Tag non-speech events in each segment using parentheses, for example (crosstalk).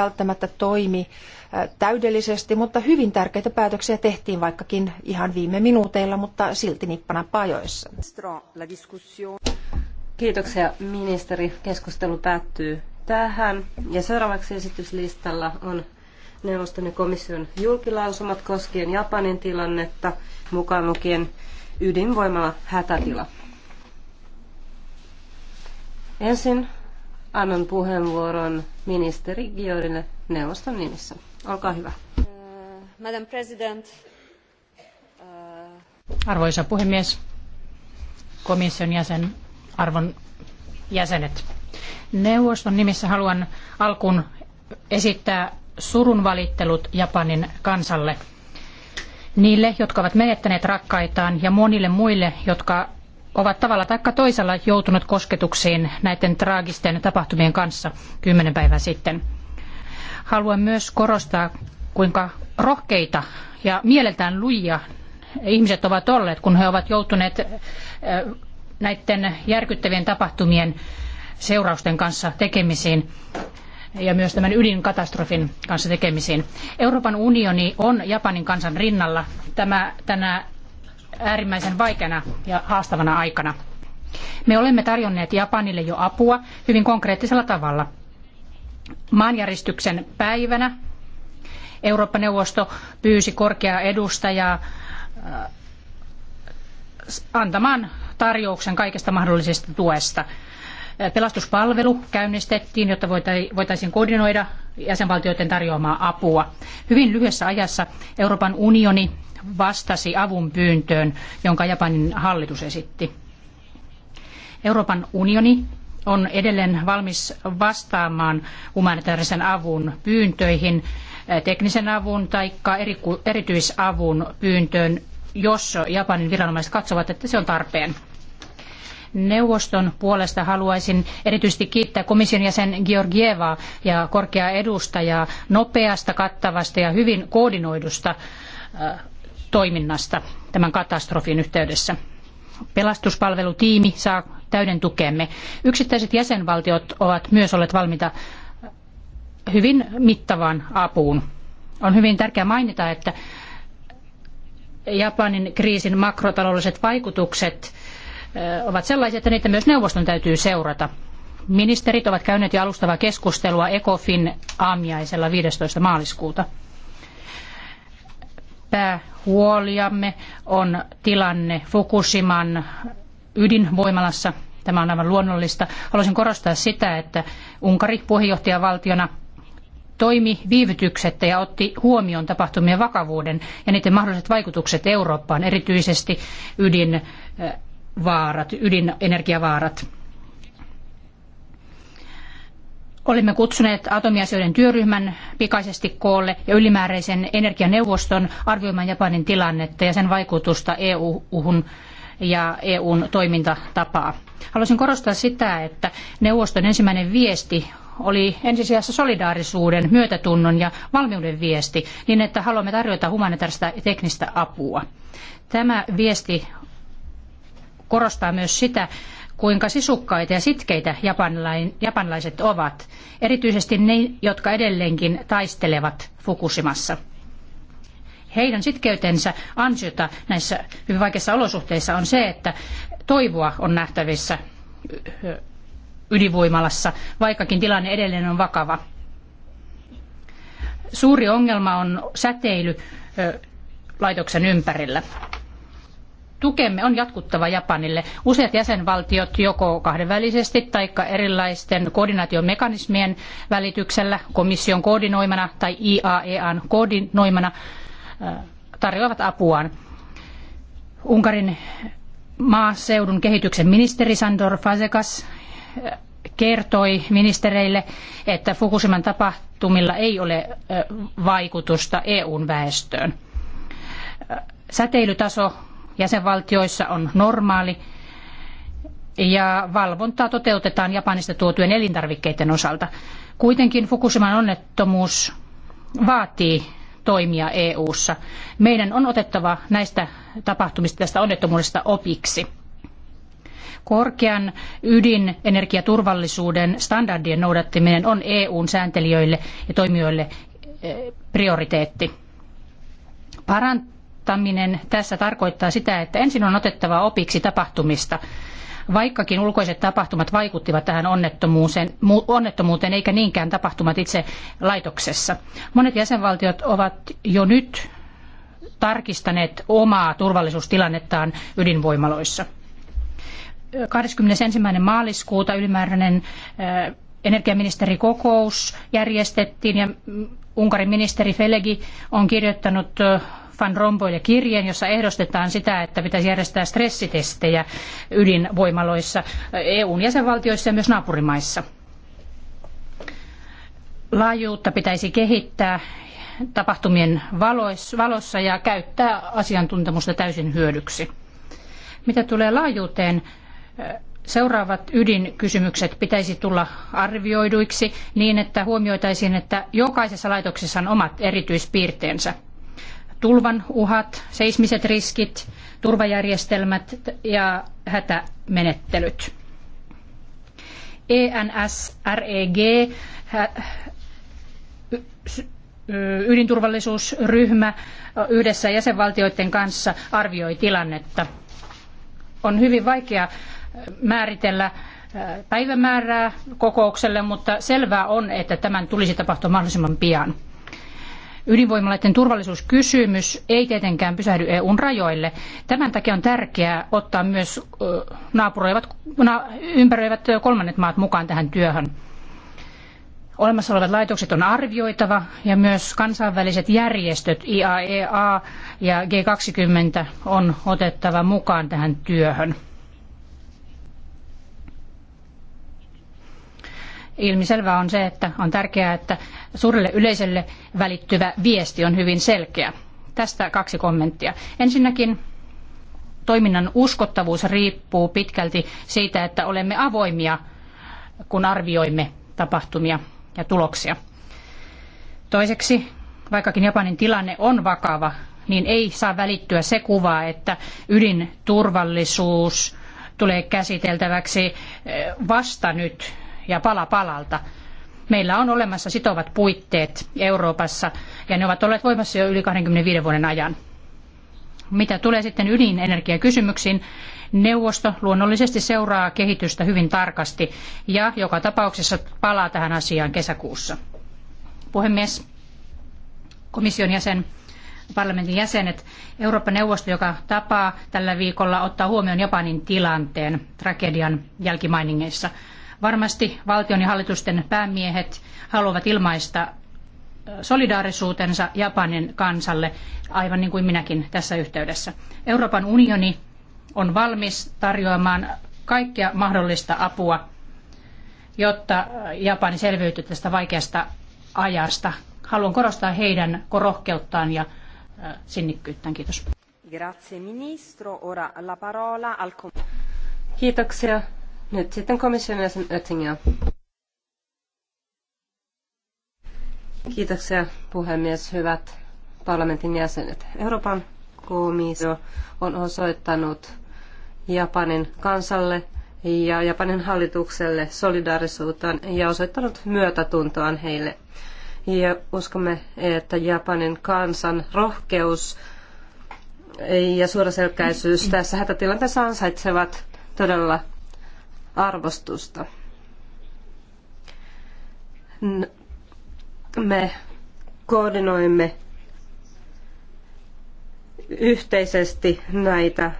välttämättä toimi täydellisesti, mutta hyvin tärkeitä päätöksiä tehtiin vaikkakin ihan viime minuuteilla, mutta silti nippana pajoissa. Kiitoksia ministeri. Keskustelu päättyy tähän. Ja seuraavaksi esityslistalla on neuvoston ja komission julkilausumat koskien Japanin tilannetta, mukaan lukien ydinvoimalla hätätila. Ensin annan puheenvuoron ministeri Giorille neuvoston nimissä. Olkaa hyvä. Uh, Madam President. Uh, Arvoisa puhemies, komission jäsen, arvon jäsenet. Neuvoston nimissä haluan alkuun esittää surun valittelut Japanin kansalle. Niille, jotka ovat menettäneet rakkaitaan ja monille muille, jotka ovat tavalla taikka toisella joutuneet kosketuksiin näiden traagisten tapahtumien kanssa kymmenen päivää sitten. Haluan myös korostaa, kuinka rohkeita ja mieleltään lujia ihmiset ovat olleet, kun he ovat joutuneet näiden järkyttävien tapahtumien seurausten kanssa tekemisiin ja myös tämän ydinkatastrofin kanssa tekemisiin. Euroopan unioni on Japanin kansan rinnalla. Tämä tänä äärimmäisen vaikeana ja haastavana aikana. Me olemme tarjonneet Japanille jo apua hyvin konkreettisella tavalla. Maanjäristyksen päivänä Eurooppa-neuvosto pyysi korkeaa edustajaa äh, antamaan tarjouksen kaikesta mahdollisesta tuesta. Äh, pelastuspalvelu käynnistettiin, jotta voitaisiin koordinoida jäsenvaltioiden tarjoamaa apua. Hyvin lyhyessä ajassa Euroopan unioni vastasi avunpyyntöön, jonka Japanin hallitus esitti. Euroopan unioni on edelleen valmis vastaamaan humanitaarisen avun pyyntöihin, eh, teknisen avun tai erityisavun pyyntöön, jos Japanin viranomaiset katsovat, että se on tarpeen. Neuvoston puolesta haluaisin erityisesti kiittää komission jäsen Georgievaa ja korkeaa edustajaa nopeasta, kattavasta ja hyvin koordinoidusta eh, toiminnasta tämän katastrofin yhteydessä. Pelastuspalvelutiimi saa täyden tukemme. Yksittäiset jäsenvaltiot ovat myös olleet valmiita hyvin mittavaan apuun. On hyvin tärkeää mainita, että Japanin kriisin makrotaloudelliset vaikutukset ovat sellaisia, että niitä myös neuvoston täytyy seurata. Ministerit ovat käyneet jo alustavaa keskustelua ECOFIN aamiaisella 15. maaliskuuta päähuoliamme on tilanne Fukushiman ydinvoimalassa. Tämä on aivan luonnollista. Haluaisin korostaa sitä, että Unkari puheenjohtajavaltiona toimi viivytyksettä ja otti huomioon tapahtumien vakavuuden ja niiden mahdolliset vaikutukset Eurooppaan, erityisesti ydinvaarat, ydinenergiavaarat. Olimme kutsuneet atomiasioiden työryhmän pikaisesti koolle ja ylimääräisen energianeuvoston arvioimaan Japanin tilannetta ja sen vaikutusta EU-hun ja EUn toimintatapaa. Haluaisin korostaa sitä, että neuvoston ensimmäinen viesti oli ensisijassa solidaarisuuden, myötätunnon ja valmiuden viesti, niin että haluamme tarjota humanitaarista ja teknistä apua. Tämä viesti korostaa myös sitä, kuinka sisukkaita ja sitkeitä japanilaiset ovat, erityisesti ne, jotka edelleenkin taistelevat Fukushimassa. Heidän sitkeytensä ansiota näissä hyvin vaikeissa olosuhteissa on se, että toivoa on nähtävissä ydinvoimalassa, vaikkakin tilanne edelleen on vakava. Suuri ongelma on säteily laitoksen ympärillä tukemme on jatkuttava Japanille. Useat jäsenvaltiot joko kahdenvälisesti tai erilaisten koordinaatiomekanismien välityksellä, komission koordinoimana tai IAEAn koordinoimana äh, tarjoavat apuaan. Unkarin maaseudun kehityksen ministeri Sandor Fazekas äh, kertoi ministereille, että Fukushiman tapahtumilla ei ole äh, vaikutusta EUn väestöön. Säteilytaso jäsenvaltioissa on normaali ja valvontaa toteutetaan Japanista tuotujen elintarvikkeiden osalta. Kuitenkin Fukushiman onnettomuus vaatii toimia EU:ssa. Meidän on otettava näistä tapahtumista tästä onnettomuudesta opiksi. Korkean ydinenergiaturvallisuuden standardien noudattaminen on EUn sääntelijöille ja toimijoille eh, prioriteetti. Parant- Tiedottaminen tässä tarkoittaa sitä, että ensin on otettava opiksi tapahtumista. Vaikkakin ulkoiset tapahtumat vaikuttivat tähän onnettomuuteen, eikä niinkään tapahtumat itse laitoksessa. Monet jäsenvaltiot ovat jo nyt tarkistaneet omaa turvallisuustilannettaan ydinvoimaloissa. 21. maaliskuuta ylimääräinen eh, energiaministerikokous järjestettiin ja Unkarin ministeri Felegi on kirjoittanut eh, Van Rompuylle kirjeen, jossa ehdostetaan sitä, että pitäisi järjestää stressitestejä ydinvoimaloissa EUn jäsenvaltioissa ja myös naapurimaissa. Laajuutta pitäisi kehittää tapahtumien valossa ja käyttää asiantuntemusta täysin hyödyksi. Mitä tulee laajuuteen, seuraavat ydinkysymykset pitäisi tulla arvioiduiksi niin, että huomioitaisiin, että jokaisessa laitoksessa on omat erityispiirteensä tulvan uhat, seismiset riskit, turvajärjestelmät ja hätämenettelyt. ENSREG, ydinturvallisuusryhmä, yhdessä jäsenvaltioiden kanssa arvioi tilannetta. On hyvin vaikea määritellä äh, päivämäärää kokoukselle, mutta selvää on, että tämän tulisi tapahtua mahdollisimman pian. Ydinvoimaloiden turvallisuuskysymys ei tietenkään pysähdy EUn rajoille. Tämän takia on tärkeää ottaa myös naapuroivat, na, ympäröivät kolmannet maat mukaan tähän työhön. Olemassa olevat laitokset on arvioitava ja myös kansainväliset järjestöt IAEA e ja G20 on otettava mukaan tähän työhön. Ilmiselvää on se, että on tärkeää, että suurelle yleisölle välittyvä viesti on hyvin selkeä. Tästä kaksi kommenttia. Ensinnäkin toiminnan uskottavuus riippuu pitkälti siitä, että olemme avoimia, kun arvioimme tapahtumia ja tuloksia. Toiseksi, vaikkakin Japanin tilanne on vakava, niin ei saa välittyä se kuva, että ydinturvallisuus tulee käsiteltäväksi eh, vasta nyt ja pala palalta. Meillä on olemassa sitovat puitteet Euroopassa ja ne ovat olleet voimassa jo yli 25 vuoden ajan. Mitä tulee sitten ydinenergiakysymyksiin, neuvosto luonnollisesti seuraa kehitystä hyvin tarkasti ja joka tapauksessa palaa tähän asiaan kesäkuussa. Puhemies, komission jäsen, parlamentin jäsenet, Euroopan neuvosto, joka tapaa tällä viikolla, ottaa huomioon Japanin tilanteen tragedian jälkimainingeissa – Varmasti valtion ja hallitusten päämiehet haluavat ilmaista solidaarisuutensa Japanin kansalle, aivan niin kuin minäkin tässä yhteydessä. Euroopan unioni on valmis tarjoamaan kaikkea mahdollista apua, jotta Japani selviytyy tästä vaikeasta ajasta. Haluan korostaa heidän rohkeuttaan ja sinnikkyyttään. Kiitos. Grazie, ministro. Ora la parola al... Kiitoksia nyt sitten komission jäsen Kiitoksia puhemies, hyvät parlamentin jäsenet. Euroopan komissio on osoittanut Japanin kansalle ja Japanin hallitukselle solidaarisuutta ja osoittanut myötätuntoaan heille. Ja uskomme, että Japanin kansan rohkeus ja suoraselkäisyys tässä hätätilanteessa ansaitsevat todella arvostusta. Me koordinoimme yhteisesti näitä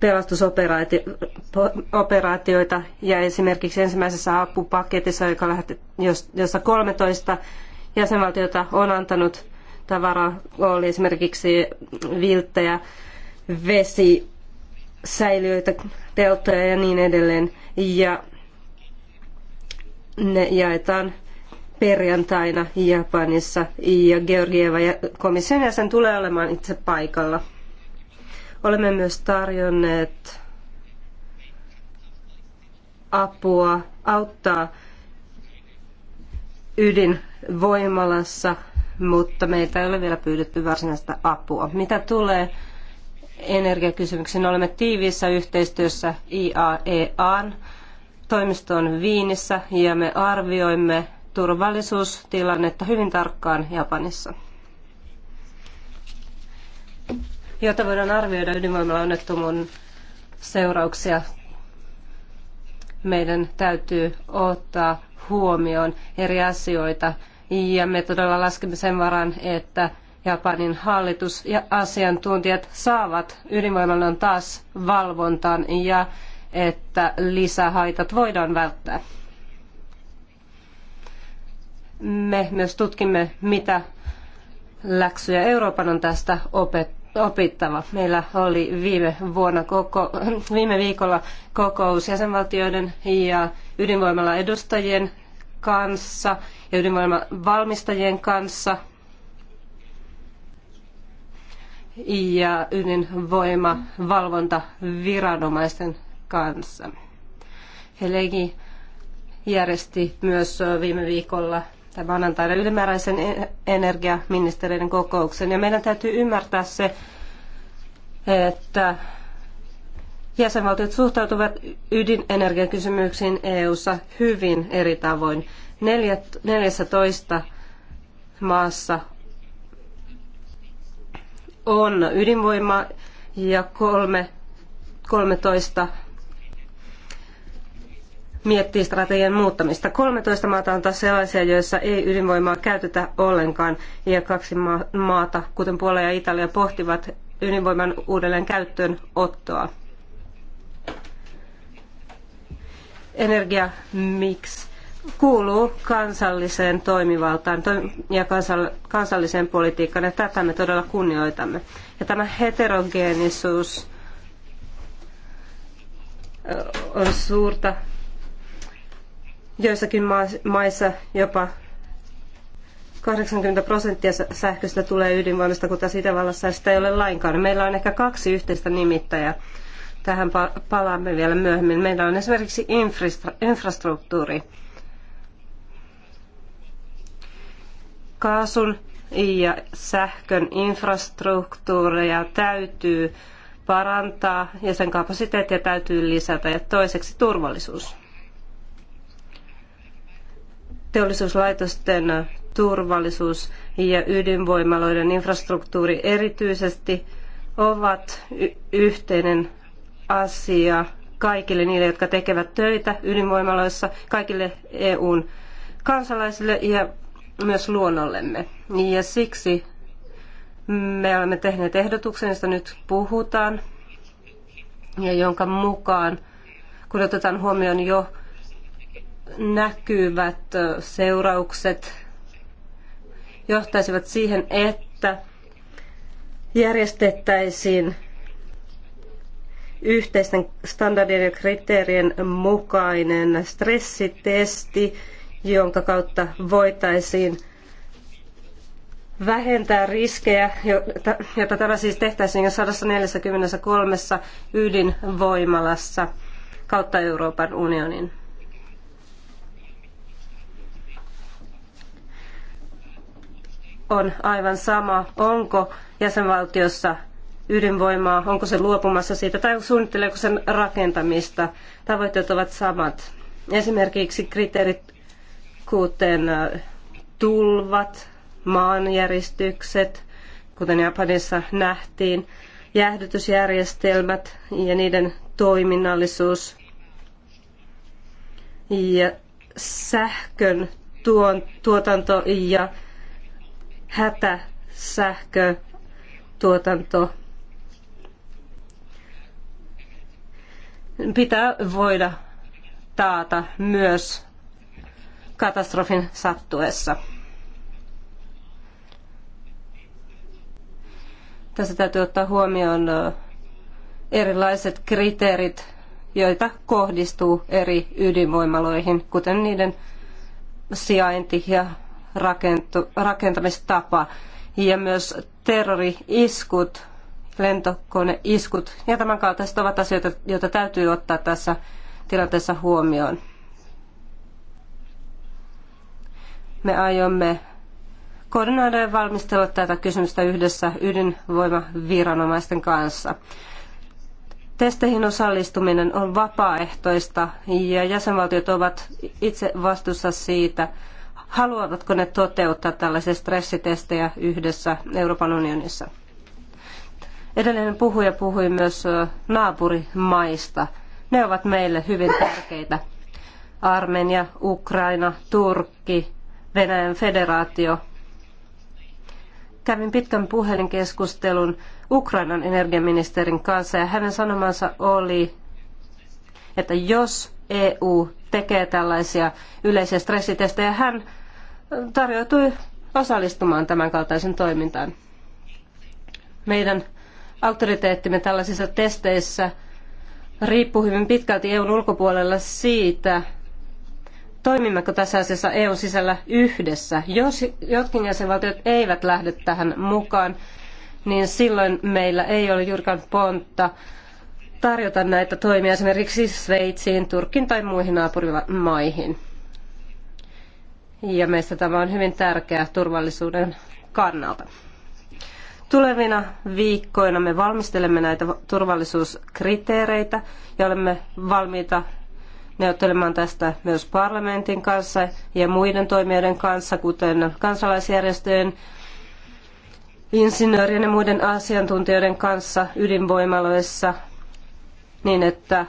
pelastusoperaatioita ja esimerkiksi ensimmäisessä apupaketissa, joka lähti, jossa 13 jäsenvaltiota on antanut tavaraa, oli esimerkiksi vilttejä, vesi, säiliöitä, telttoja ja niin edelleen. Ja ne jaetaan perjantaina Japanissa ja Georgieva ja komission jäsen tulee olemaan itse paikalla. Olemme myös tarjonneet apua auttaa ydinvoimalassa, mutta meiltä ei ole vielä pyydetty varsinaista apua. Mitä tulee energiakysymyksiin. Olemme tiiviissä yhteistyössä IAEAn toimistoon Viinissä ja me arvioimme turvallisuustilannetta hyvin tarkkaan Japanissa. Jotta voidaan arvioida ydinvoimalla onnettomuuden seurauksia, meidän täytyy ottaa huomioon eri asioita ja me todella laskemme sen varan, että Japanin hallitus ja asiantuntijat saavat ydinvoimalan taas valvontaan ja että lisähaitat voidaan välttää. Me myös tutkimme, mitä läksyjä Euroopan on tästä opittava. Meillä oli viime, vuonna koko, (clears throat) viime viikolla kokous jäsenvaltioiden ja ydinvoimalla edustajien kanssa ja ydinvoiman valmistajien kanssa – ja ydinvoimavalvontaviranomaisten kanssa. Helegi järjesti myös viime viikolla tai maanantaina ylimääräisen e- energiaministereiden kokouksen. Ja meidän täytyy ymmärtää se, että jäsenvaltiot suhtautuvat ydinenergiakysymyksiin EU-ssa hyvin eri tavoin. 14 maassa on ydinvoima ja kolme, 13 miettii strategian muuttamista. 13 maata on taas sellaisia, joissa ei ydinvoimaa käytetä ollenkaan, ja kaksi maata, kuten Puola ja Italia, pohtivat ydinvoiman uudelleen käyttöön ottoa. Energiamix kuuluu kansalliseen toimivaltaan ja kansalliseen politiikkaan, ja tätä me todella kunnioitamme. Ja tämä heterogeenisuus on suurta. Joissakin maissa jopa 80 prosenttia sähköstä tulee ydinvoimasta, kun taas Itävallassa sitä ei ole lainkaan. Meillä on ehkä kaksi yhteistä nimittäjää. Tähän palaamme vielä myöhemmin. Meillä on esimerkiksi infrastruktuuri kaasun ja sähkön infrastruktuureja täytyy parantaa ja sen kapasiteettia täytyy lisätä ja toiseksi turvallisuus. Teollisuuslaitosten turvallisuus ja ydinvoimaloiden infrastruktuuri erityisesti ovat yhteinen asia kaikille niille, jotka tekevät töitä ydinvoimaloissa, kaikille EUn kansalaisille ja myös luonnollemme. Ja siksi me olemme tehneet ehdotuksen, josta nyt puhutaan, ja jonka mukaan, kun otetaan huomioon jo näkyvät seuraukset, johtaisivat siihen, että järjestettäisiin yhteisten standardien ja kriteerien mukainen stressitesti, jonka kautta voitaisiin vähentää riskejä, jota tämä siis tehtäisiin jo 143 ydinvoimalassa kautta Euroopan unionin. On aivan sama, onko jäsenvaltiossa ydinvoimaa, onko se luopumassa siitä tai suunnitteleeko sen rakentamista. Tavoitteet ovat samat. Esimerkiksi kriteerit kuten tulvat, maanjäristykset, kuten Japanissa nähtiin, jäähdytysjärjestelmät ja niiden toiminnallisuus ja sähkön tuon, tuotanto ja tuotanto Pitää voida taata myös katastrofin sattuessa. Tässä täytyy ottaa huomioon erilaiset kriteerit, joita kohdistuu eri ydinvoimaloihin, kuten niiden sijainti ja rakentu, rakentamistapa ja myös terrori-iskut, lentokoneiskut ja tämän kaltaiset ovat asioita, joita täytyy ottaa tässä tilanteessa huomioon. Me aiomme koordinoida ja valmistella tätä kysymystä yhdessä ydinvoimaviranomaisten kanssa. Testeihin osallistuminen on vapaaehtoista ja jäsenvaltiot ovat itse vastuussa siitä, haluavatko ne toteuttaa tällaisia stressitestejä yhdessä Euroopan unionissa. Edellinen puhuja puhui myös naapurimaista. Ne ovat meille hyvin tärkeitä. Armenia, Ukraina, Turkki, Venäjän federaatio. Kävin pitkän puhelinkeskustelun Ukrainan energiaministerin kanssa ja hänen sanomansa oli, että jos EU tekee tällaisia yleisiä stressitestejä, hän tarjoutui osallistumaan tämän kaltaisen toimintaan. Meidän autoriteettimme tällaisissa testeissä riippuu hyvin pitkälti EUn ulkopuolella siitä, toimimmeko tässä asiassa EUn sisällä yhdessä. Jos jotkin jäsenvaltiot eivät lähde tähän mukaan, niin silloin meillä ei ole juurikaan pontta tarjota näitä toimia esimerkiksi Sveitsiin, Turkkiin tai muihin naapurimaihin. Ja meistä tämä on hyvin tärkeää turvallisuuden kannalta. Tulevina viikkoina me valmistelemme näitä turvallisuuskriteereitä ja olemme valmiita neuvottelemaan tästä myös parlamentin kanssa ja muiden toimijoiden kanssa, kuten kansalaisjärjestöjen, insinöörien ja muiden asiantuntijoiden kanssa ydinvoimaloissa niin, että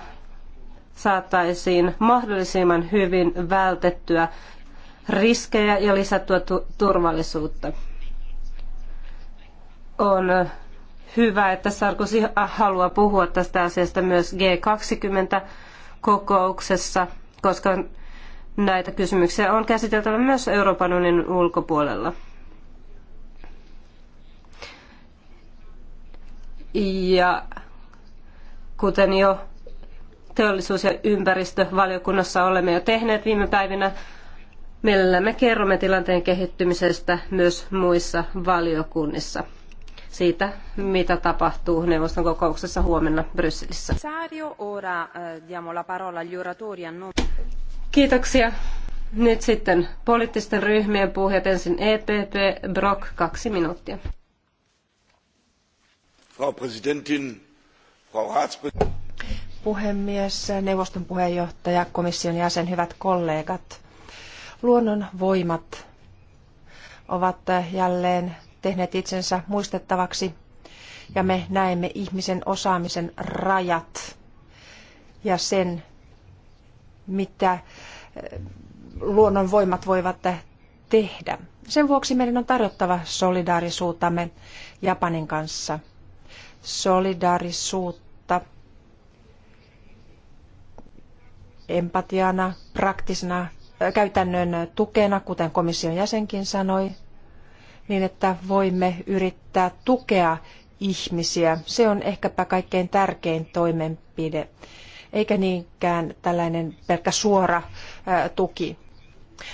saataisiin mahdollisimman hyvin vältettyä riskejä ja lisättyä turvallisuutta. On hyvä, että Sarkozy haluaa puhua tästä asiasta myös G20 kokouksessa, koska näitä kysymyksiä on käsiteltävä myös Euroopan unionin ulkopuolella. Ja kuten jo teollisuus- ja ympäristövaliokunnassa olemme jo tehneet viime päivinä, mielellämme kerromme tilanteen kehittymisestä myös muissa valiokunnissa siitä, mitä tapahtuu neuvoston kokouksessa huomenna Brysselissä. Eh, Kiitoksia. Nyt sitten poliittisten ryhmien puhujat ensin EPP, Brock, kaksi minuuttia. Frau Präsidentin, Frau puhemies, neuvoston puheenjohtaja, komission jäsen, hyvät kollegat. Luonnon voimat ovat jälleen tehneet itsensä muistettavaksi ja me näemme ihmisen osaamisen rajat ja sen, mitä eh, luonnonvoimat voivat tehdä. Sen vuoksi meidän on tarjottava solidaarisuutamme Japanin kanssa. Solidaarisuutta empatiana, praktisena, eh, käytännön tukena, kuten komission jäsenkin sanoi, niin että voimme yrittää tukea ihmisiä. Se on ehkäpä kaikkein tärkein toimenpide, eikä niinkään tällainen pelkkä suora tuki.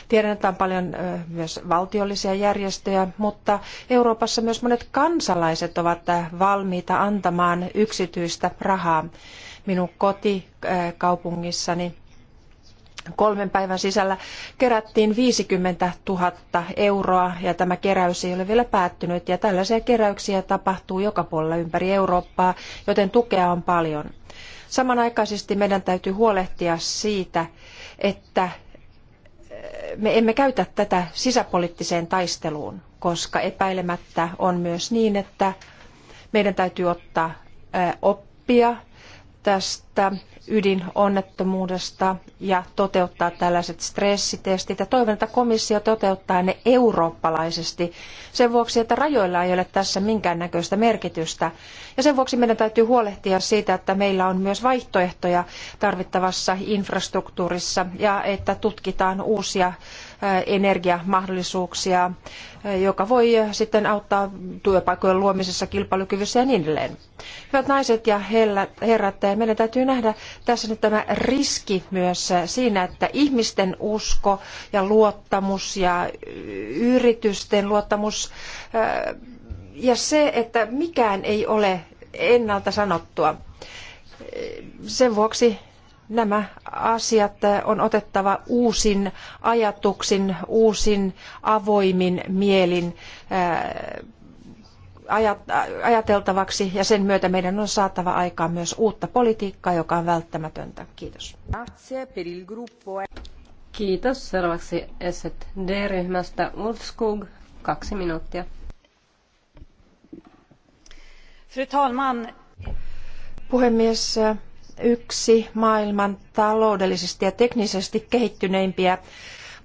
Tiedän, että on paljon myös valtiollisia järjestöjä, mutta Euroopassa myös monet kansalaiset ovat valmiita antamaan yksityistä rahaa. Minun kotikaupungissani kolmen päivän sisällä kerättiin 50 000 euroa ja tämä keräys ei ole vielä päättynyt ja tällaisia keräyksiä tapahtuu joka puolella ympäri Eurooppaa, joten tukea on paljon. Samanaikaisesti meidän täytyy huolehtia siitä, että eh, me emme käytä tätä sisäpoliittiseen taisteluun, koska epäilemättä on myös niin, että meidän täytyy ottaa eh, oppia tästä ydinonnettomuudesta ja toteuttaa tällaiset stressitestit. Ja toivon, että komissio toteuttaa ne eurooppalaisesti sen vuoksi, että rajoilla ei ole tässä minkäännäköistä merkitystä. Ja sen vuoksi meidän täytyy huolehtia siitä, että meillä on myös vaihtoehtoja tarvittavassa infrastruktuurissa ja että tutkitaan uusia Eh, energiamahdollisuuksia, eh, joka voi sitten auttaa työpaikojen luomisessa, kilpailukyvyssä ja niin edelleen. Hyvät naiset ja herrat, eh, meidän täytyy nähdä tässä nyt tämä riski myös siinä, että ihmisten usko ja luottamus ja yritysten luottamus ja se, että mikään ei ole ennalta sanottua. Sen vuoksi nämä asiat eh, on otettava uusin ajatuksin, uusin avoimin mielin eh, ajateltavaksi ja sen myötä meidän on saatava aikaan myös uutta politiikkaa, joka on välttämätöntä. Kiitos. Kiitos. Seuraavaksi SD-ryhmästä Ulfskog, kaksi minuuttia. Fru talman. Puhemies, yksi maailman taloudellisesti ja teknisesti kehittyneimpiä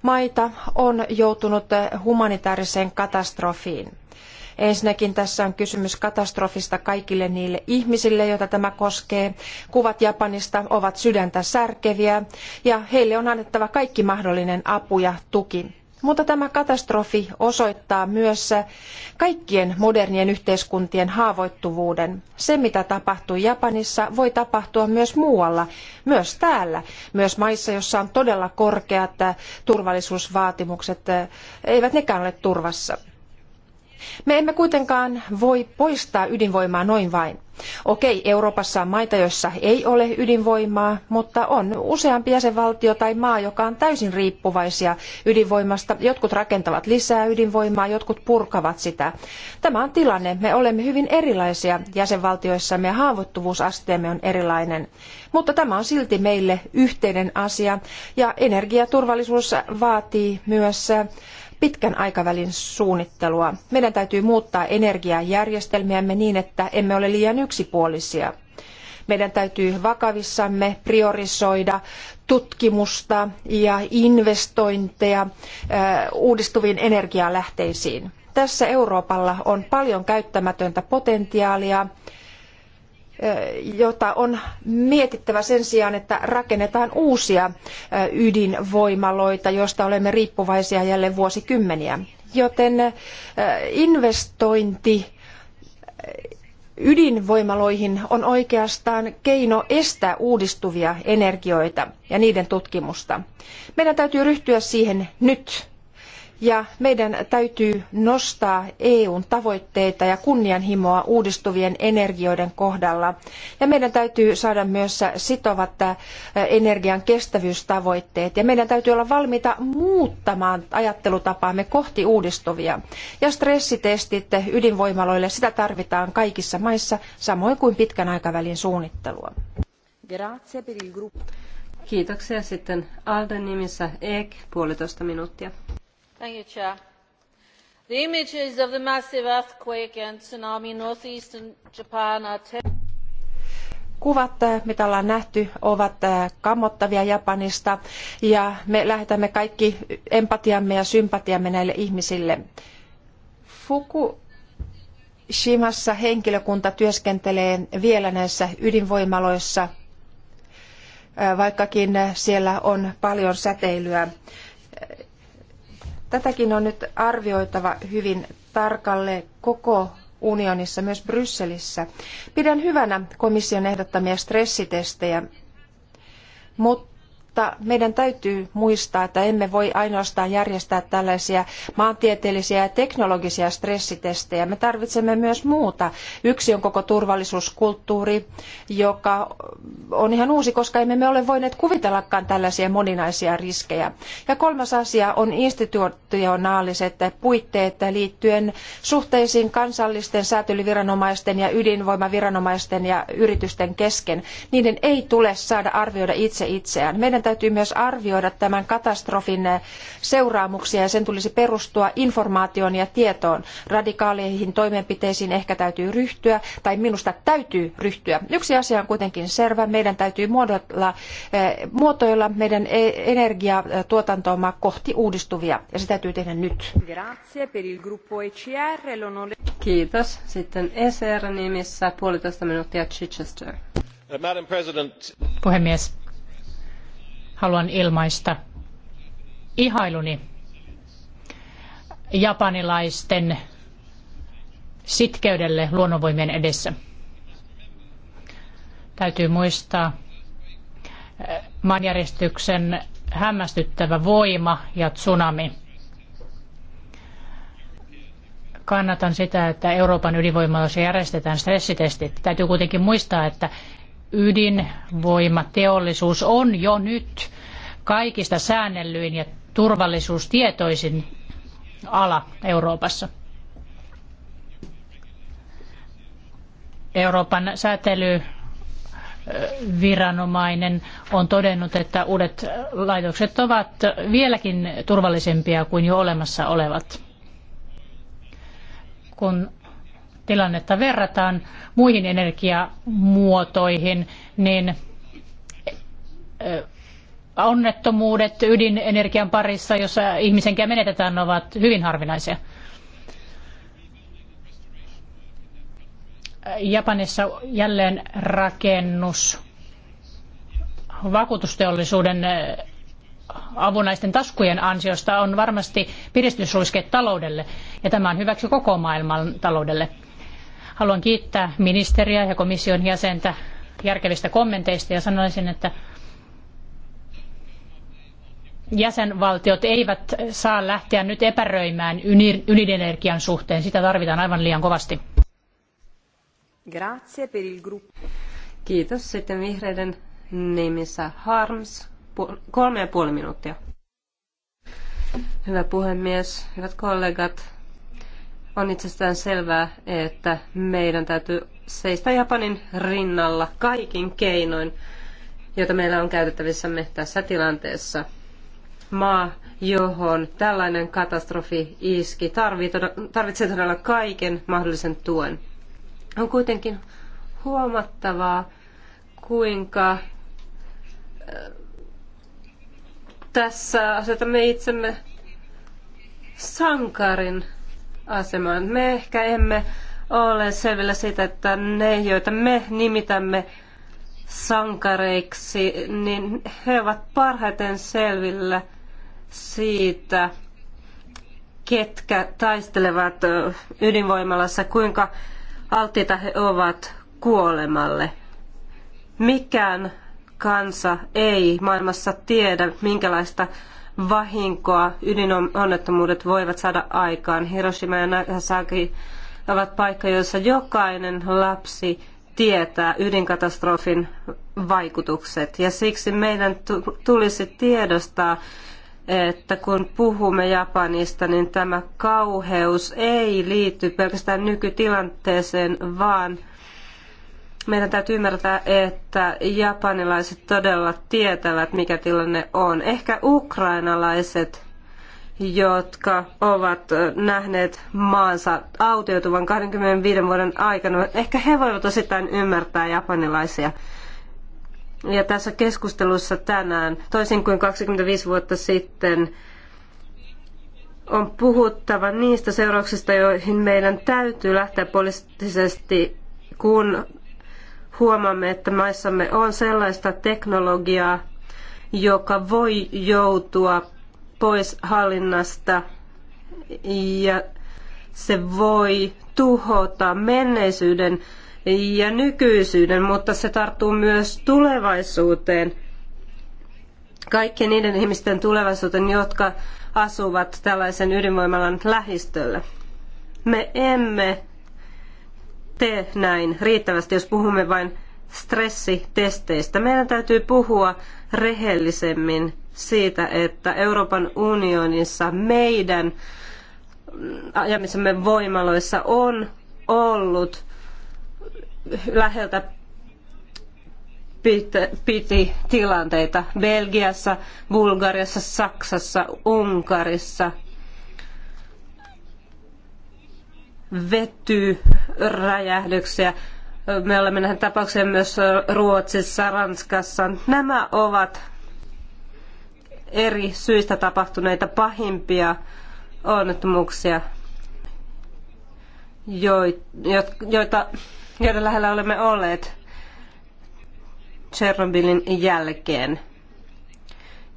maita on joutunut humanitaariseen katastrofiin. Ensinnäkin tässä on kysymys katastrofista kaikille niille ihmisille, joita tämä koskee. Kuvat Japanista ovat sydäntä särkeviä ja heille on annettava kaikki mahdollinen apu ja tuki mutta tämä katastrofi osoittaa myös kaikkien modernien yhteiskuntien haavoittuvuuden. Se, mitä tapahtui Japanissa, voi tapahtua myös muualla, myös täällä, myös maissa, joissa on todella korkeat turvallisuusvaatimukset, eivät nekään ole turvassa. Me emme kuitenkaan voi poistaa ydinvoimaa noin vain. Okei, Euroopassa on maita, joissa ei ole ydinvoimaa, mutta on useampi jäsenvaltio tai maa, joka on täysin riippuvaisia ydinvoimasta. Jotkut rakentavat lisää ydinvoimaa, jotkut purkavat sitä. Tämä on tilanne. Me olemme hyvin erilaisia jäsenvaltioissamme ja haavoittuvuusasteemme on erilainen. Mutta tämä on silti meille yhteinen asia ja energiaturvallisuus vaatii myös pitkän aikavälin suunnittelua. Meidän täytyy muuttaa energiajärjestelmiämme niin, että emme ole liian yksipuolisia. Meidän täytyy vakavissamme priorisoida tutkimusta ja investointeja uudistuviin energialähteisiin. Tässä Euroopalla on paljon käyttämätöntä potentiaalia jota on mietittävä sen sijaan, että rakennetaan uusia ydinvoimaloita, joista olemme riippuvaisia jälleen vuosikymmeniä. Joten investointi ydinvoimaloihin on oikeastaan keino estää uudistuvia energioita ja niiden tutkimusta. Meidän täytyy ryhtyä siihen nyt ja meidän täytyy nostaa EUn tavoitteita ja kunnianhimoa uudistuvien energioiden kohdalla. Ja meidän täytyy saada myös sitovat energian kestävyystavoitteet ja meidän täytyy olla valmiita muuttamaan ajattelutapaamme kohti uudistuvia. Ja stressitestit ydinvoimaloille, sitä tarvitaan kaikissa maissa, samoin kuin pitkän aikavälin suunnittelua. Kiitoksia. Sitten Alden nimissä Ek, puolitoista minuuttia mr president the images of the massive earthquake and tsunami in north eastern japan are. kuvat eh, mitä ollaan nähty ovat eh, kammottavia japanista ja me lähetämme kaikki empatiamme ja sympatiamme näille ihmisille. fukushimassa henkilökunta työskentelee vielä näissä ydinvoimaloissa eh, vaikkakin siellä on paljon säteilyä Tätäkin on nyt arvioitava hyvin tarkalle koko unionissa, myös Brysselissä. Pidän hyvänä komission ehdottamia stressitestejä, mutta mutta meidän täytyy muistaa, että emme voi ainoastaan järjestää tällaisia maantieteellisiä ja teknologisia stressitestejä. Me tarvitsemme myös muuta. Yksi on koko turvallisuuskulttuuri, joka on ihan uusi, koska emme me ole voineet kuvitellakaan tällaisia moninaisia riskejä. Ja kolmas asia on institutionaaliset puitteet liittyen suhteisiin kansallisten säätelyviranomaisten ja ydinvoimaviranomaisten ja yritysten kesken. Niiden ei tule saada arvioida itse itseään. Meidän täytyy myös arvioida tämän katastrofin seuraamuksia ja sen tulisi perustua informaatioon ja tietoon. Radikaaleihin toimenpiteisiin ehkä täytyy ryhtyä tai minusta täytyy ryhtyä. Yksi asia on kuitenkin selvä. Meidän täytyy muodolla, eh, muotoilla meidän e, energiatuotantoomme kohti uudistuvia ja se täytyy tehdä nyt. E Kiitos. Sitten ECR nimissä puolitoista minuuttia Chichester. Puhemies haluan ilmaista ihailuni japanilaisten sitkeydelle luonnonvoimien edessä. Täytyy muistaa eh, maanjäristyksen hämmästyttävä voima ja tsunami. Kannatan sitä, että Euroopan ydinvoimaloissa järjestetään stressitestit. Täytyy kuitenkin muistaa, että ydinvoimateollisuus on jo nyt kaikista säännellyin ja turvallisuustietoisin ala Euroopassa. Euroopan säätelyviranomainen on todennut, että uudet laitokset ovat vieläkin turvallisempia kuin jo olemassa olevat. Kun tilannetta verrataan muihin energiamuotoihin, niin onnettomuudet ydinenergian parissa, jossa ihmisenkä menetetään, ovat hyvin harvinaisia. Japanissa jälleen rakennus vakuutusteollisuuden avunaisten taskujen ansiosta on varmasti piristysruiske taloudelle ja tämä on hyväksi koko maailman taloudelle. Haluan kiittää ministeriä ja komission jäsentä järkevistä kommenteista ja sanoisin, että jäsenvaltiot eivät saa lähteä nyt epäröimään ydinenergian suhteen. Sitä tarvitaan aivan liian kovasti. Grazie per il gruppo. Kiitos. Sitten vihreiden nimissä Harms. Kolme ja puoli minuuttia. Hyvä puhemies, hyvät kollegat. On itsestään selvää, että meidän täytyy seistä Japanin rinnalla kaikin keinoin, joita meillä on käytettävissämme tässä tilanteessa. Maa, johon tällainen katastrofi iski, tarvitsee todella kaiken mahdollisen tuen. On kuitenkin huomattavaa, kuinka äh, tässä asetamme itsemme sankarin asemaan. Me ehkä emme ole selvillä siitä, että ne, joita me nimitämme sankareiksi, niin he ovat parhaiten selvillä siitä, ketkä taistelevat ydinvoimalassa, kuinka alttiita he ovat kuolemalle. Mikään kansa ei maailmassa tiedä, minkälaista vahinkoa ydinonnettomuudet voivat saada aikaan. Hiroshima ja Nagasaki ovat paikka, jossa jokainen lapsi tietää ydinkatastrofin vaikutukset. Ja siksi meidän tulisi tiedostaa, että kun puhumme Japanista, niin tämä kauheus ei liity pelkästään nykytilanteeseen, vaan – meidän täytyy ymmärtää, että japanilaiset todella tietävät, mikä tilanne on. Ehkä ukrainalaiset, jotka ovat nähneet maansa autioituvan 25 vuoden aikana, ehkä he voivat osittain ymmärtää japanilaisia. Ja tässä keskustelussa tänään, toisin kuin 25 vuotta sitten, on puhuttava niistä seurauksista, joihin meidän täytyy lähteä poliittisesti, kun huomaamme, että maissamme on sellaista teknologiaa, joka voi joutua pois hallinnasta ja se voi tuhota menneisyyden ja nykyisyyden, mutta se tarttuu myös tulevaisuuteen. Kaikkien niiden ihmisten tulevaisuuteen, jotka asuvat tällaisen ydinvoimalan lähistöllä. Me emme tee näin riittävästi, jos puhumme vain stressitesteistä. Meidän täytyy puhua rehellisemmin siitä, että Euroopan unionissa meidän ajamisemme voimaloissa on ollut läheltä piti tilanteita Belgiassa, Bulgariassa, Saksassa, Unkarissa – vetyräjähdyksiä. Me olemme nähneet tapauksia myös Ruotsissa, Ranskassa. Nämä ovat eri syistä tapahtuneita pahimpia onnettomuuksia, joita, joiden lähellä olemme olleet Chernobylin jälkeen.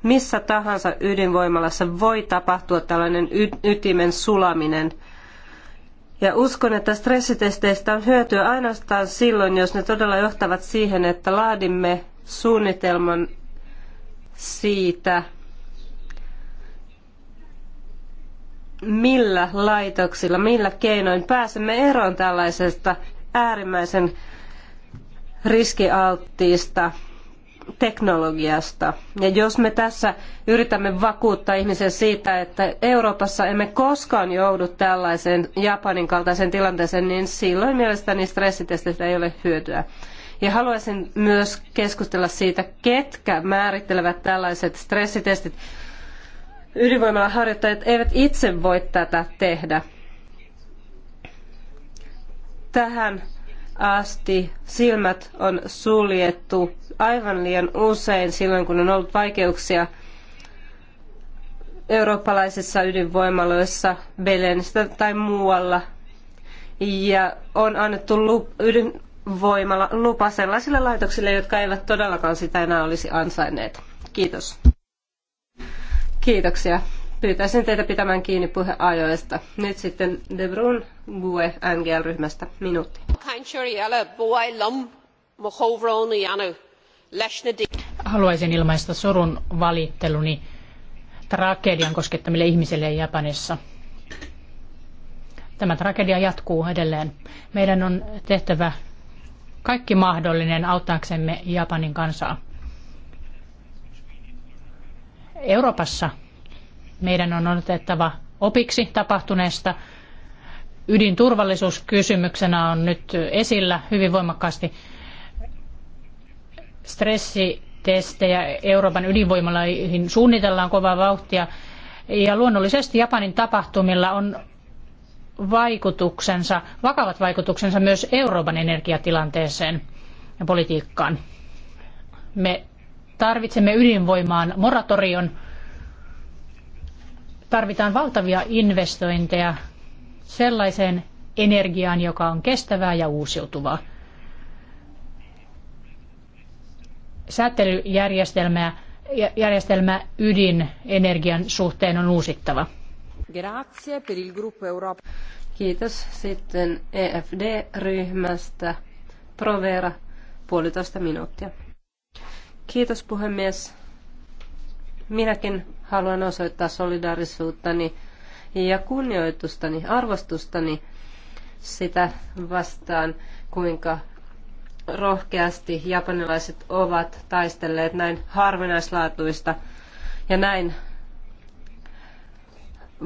Missä tahansa ydinvoimalassa voi tapahtua tällainen ytimen sulaminen – ja uskon, että stressitesteistä on hyötyä ainoastaan silloin, jos ne todella johtavat siihen, että laadimme suunnitelman siitä, millä laitoksilla, millä keinoin pääsemme eroon tällaisesta äärimmäisen riskialttiista teknologiasta. Ja jos me tässä yritämme vakuuttaa ihmisiä siitä, että Euroopassa emme koskaan joudu tällaiseen Japanin kaltaiseen tilanteeseen, niin silloin mielestäni stressitestistä ei ole hyötyä. Ja haluaisin myös keskustella siitä, ketkä määrittelevät tällaiset stressitestit. Ydinvoimalla harjoittajat eivät itse voi tätä tehdä. Tähän asti silmät on suljettu aivan liian usein silloin, kun on ollut vaikeuksia eurooppalaisissa ydinvoimaloissa, Belenistä tai muualla. Ja on annettu lup, ydinvoimala lupa sellaisille laitoksille, jotka eivät todellakaan sitä enää olisi ansainneet. Kiitos. Kiitoksia. Pyytäisin teitä pitämään kiinni puheajoista. Nyt sitten De Brun Bue NGL-ryhmästä minuutti. Haluaisin ilmaista surun valitteluni tragedian koskettamille ihmisille Japanissa. Tämä tragedia jatkuu edelleen. Meidän on tehtävä kaikki mahdollinen auttaaksemme Japanin kansaa. Euroopassa meidän on otettava opiksi tapahtuneesta. Ydinturvallisuuskysymyksenä on nyt esillä hyvin voimakkaasti stressitestejä Euroopan ydinvoimaloihin suunnitellaan kovaa vauhtia. Ja luonnollisesti Japanin tapahtumilla on vaikutuksensa, vakavat vaikutuksensa myös Euroopan energiatilanteeseen ja politiikkaan. Me tarvitsemme ydinvoimaan moratorion. Tarvitaan valtavia investointeja sellaiseen energiaan, joka on kestävää ja uusiutuvaa. säätelyjärjestelmä järjestelmä ydinenergian suhteen on uusittava. Grazie per il gruppo Europa. Kiitos sitten EFD-ryhmästä. Provera, puolitoista minuuttia. Kiitos puhemies. Minäkin haluan osoittaa solidaarisuuttani ja kunnioitustani, arvostustani sitä vastaan, kuinka rohkeasti japanilaiset ovat taistelleet näin harvinaislaatuista ja näin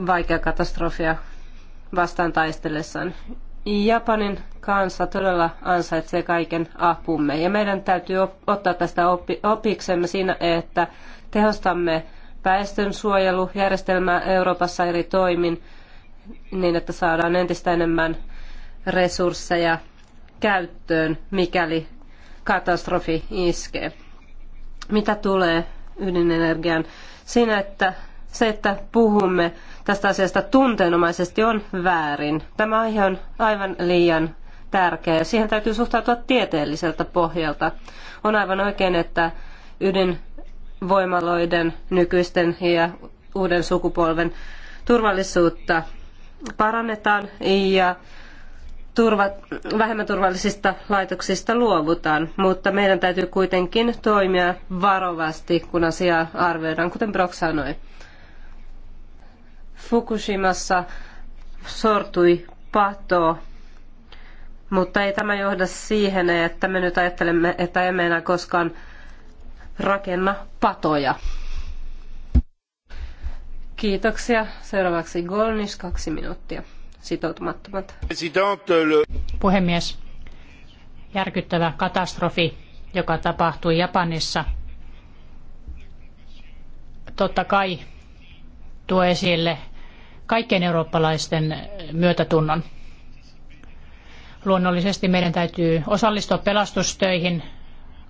vaikea katastrofia vastaan taistellessaan. Japanin kansa todella ansaitsee kaiken apumme ja meidän täytyy ottaa tästä opiksemme siinä, että tehostamme väestön suojelujärjestelmää Euroopassa eri toimin niin, että saadaan entistä enemmän resursseja käyttöön, mikäli katastrofi iskee. Mitä tulee ydinenergiaan? Siinä, että se, että puhumme tästä asiasta tunteenomaisesti on väärin. Tämä aihe on aivan liian tärkeä ja siihen täytyy suhtautua tieteelliseltä pohjalta. On aivan oikein, että ydinvoimaloiden nykyisten ja uuden sukupolven turvallisuutta parannetaan ja turva, vähemmän turvallisista laitoksista luovutaan, mutta meidän täytyy kuitenkin toimia varovasti, kun asiaa arvioidaan, kuten Brock sanoi. Fukushimassa sortui pato, mutta ei tämä johda siihen, että me nyt ajattelemme, että emme enää koskaan rakenna patoja. Kiitoksia. Seuraavaksi Golnis, kaksi minuuttia sitoutumattomat. Puhemies, järkyttävä katastrofi, joka tapahtui Japanissa, totta kai tuo esille kaikkien eurooppalaisten myötätunnon. Luonnollisesti meidän täytyy osallistua pelastustöihin,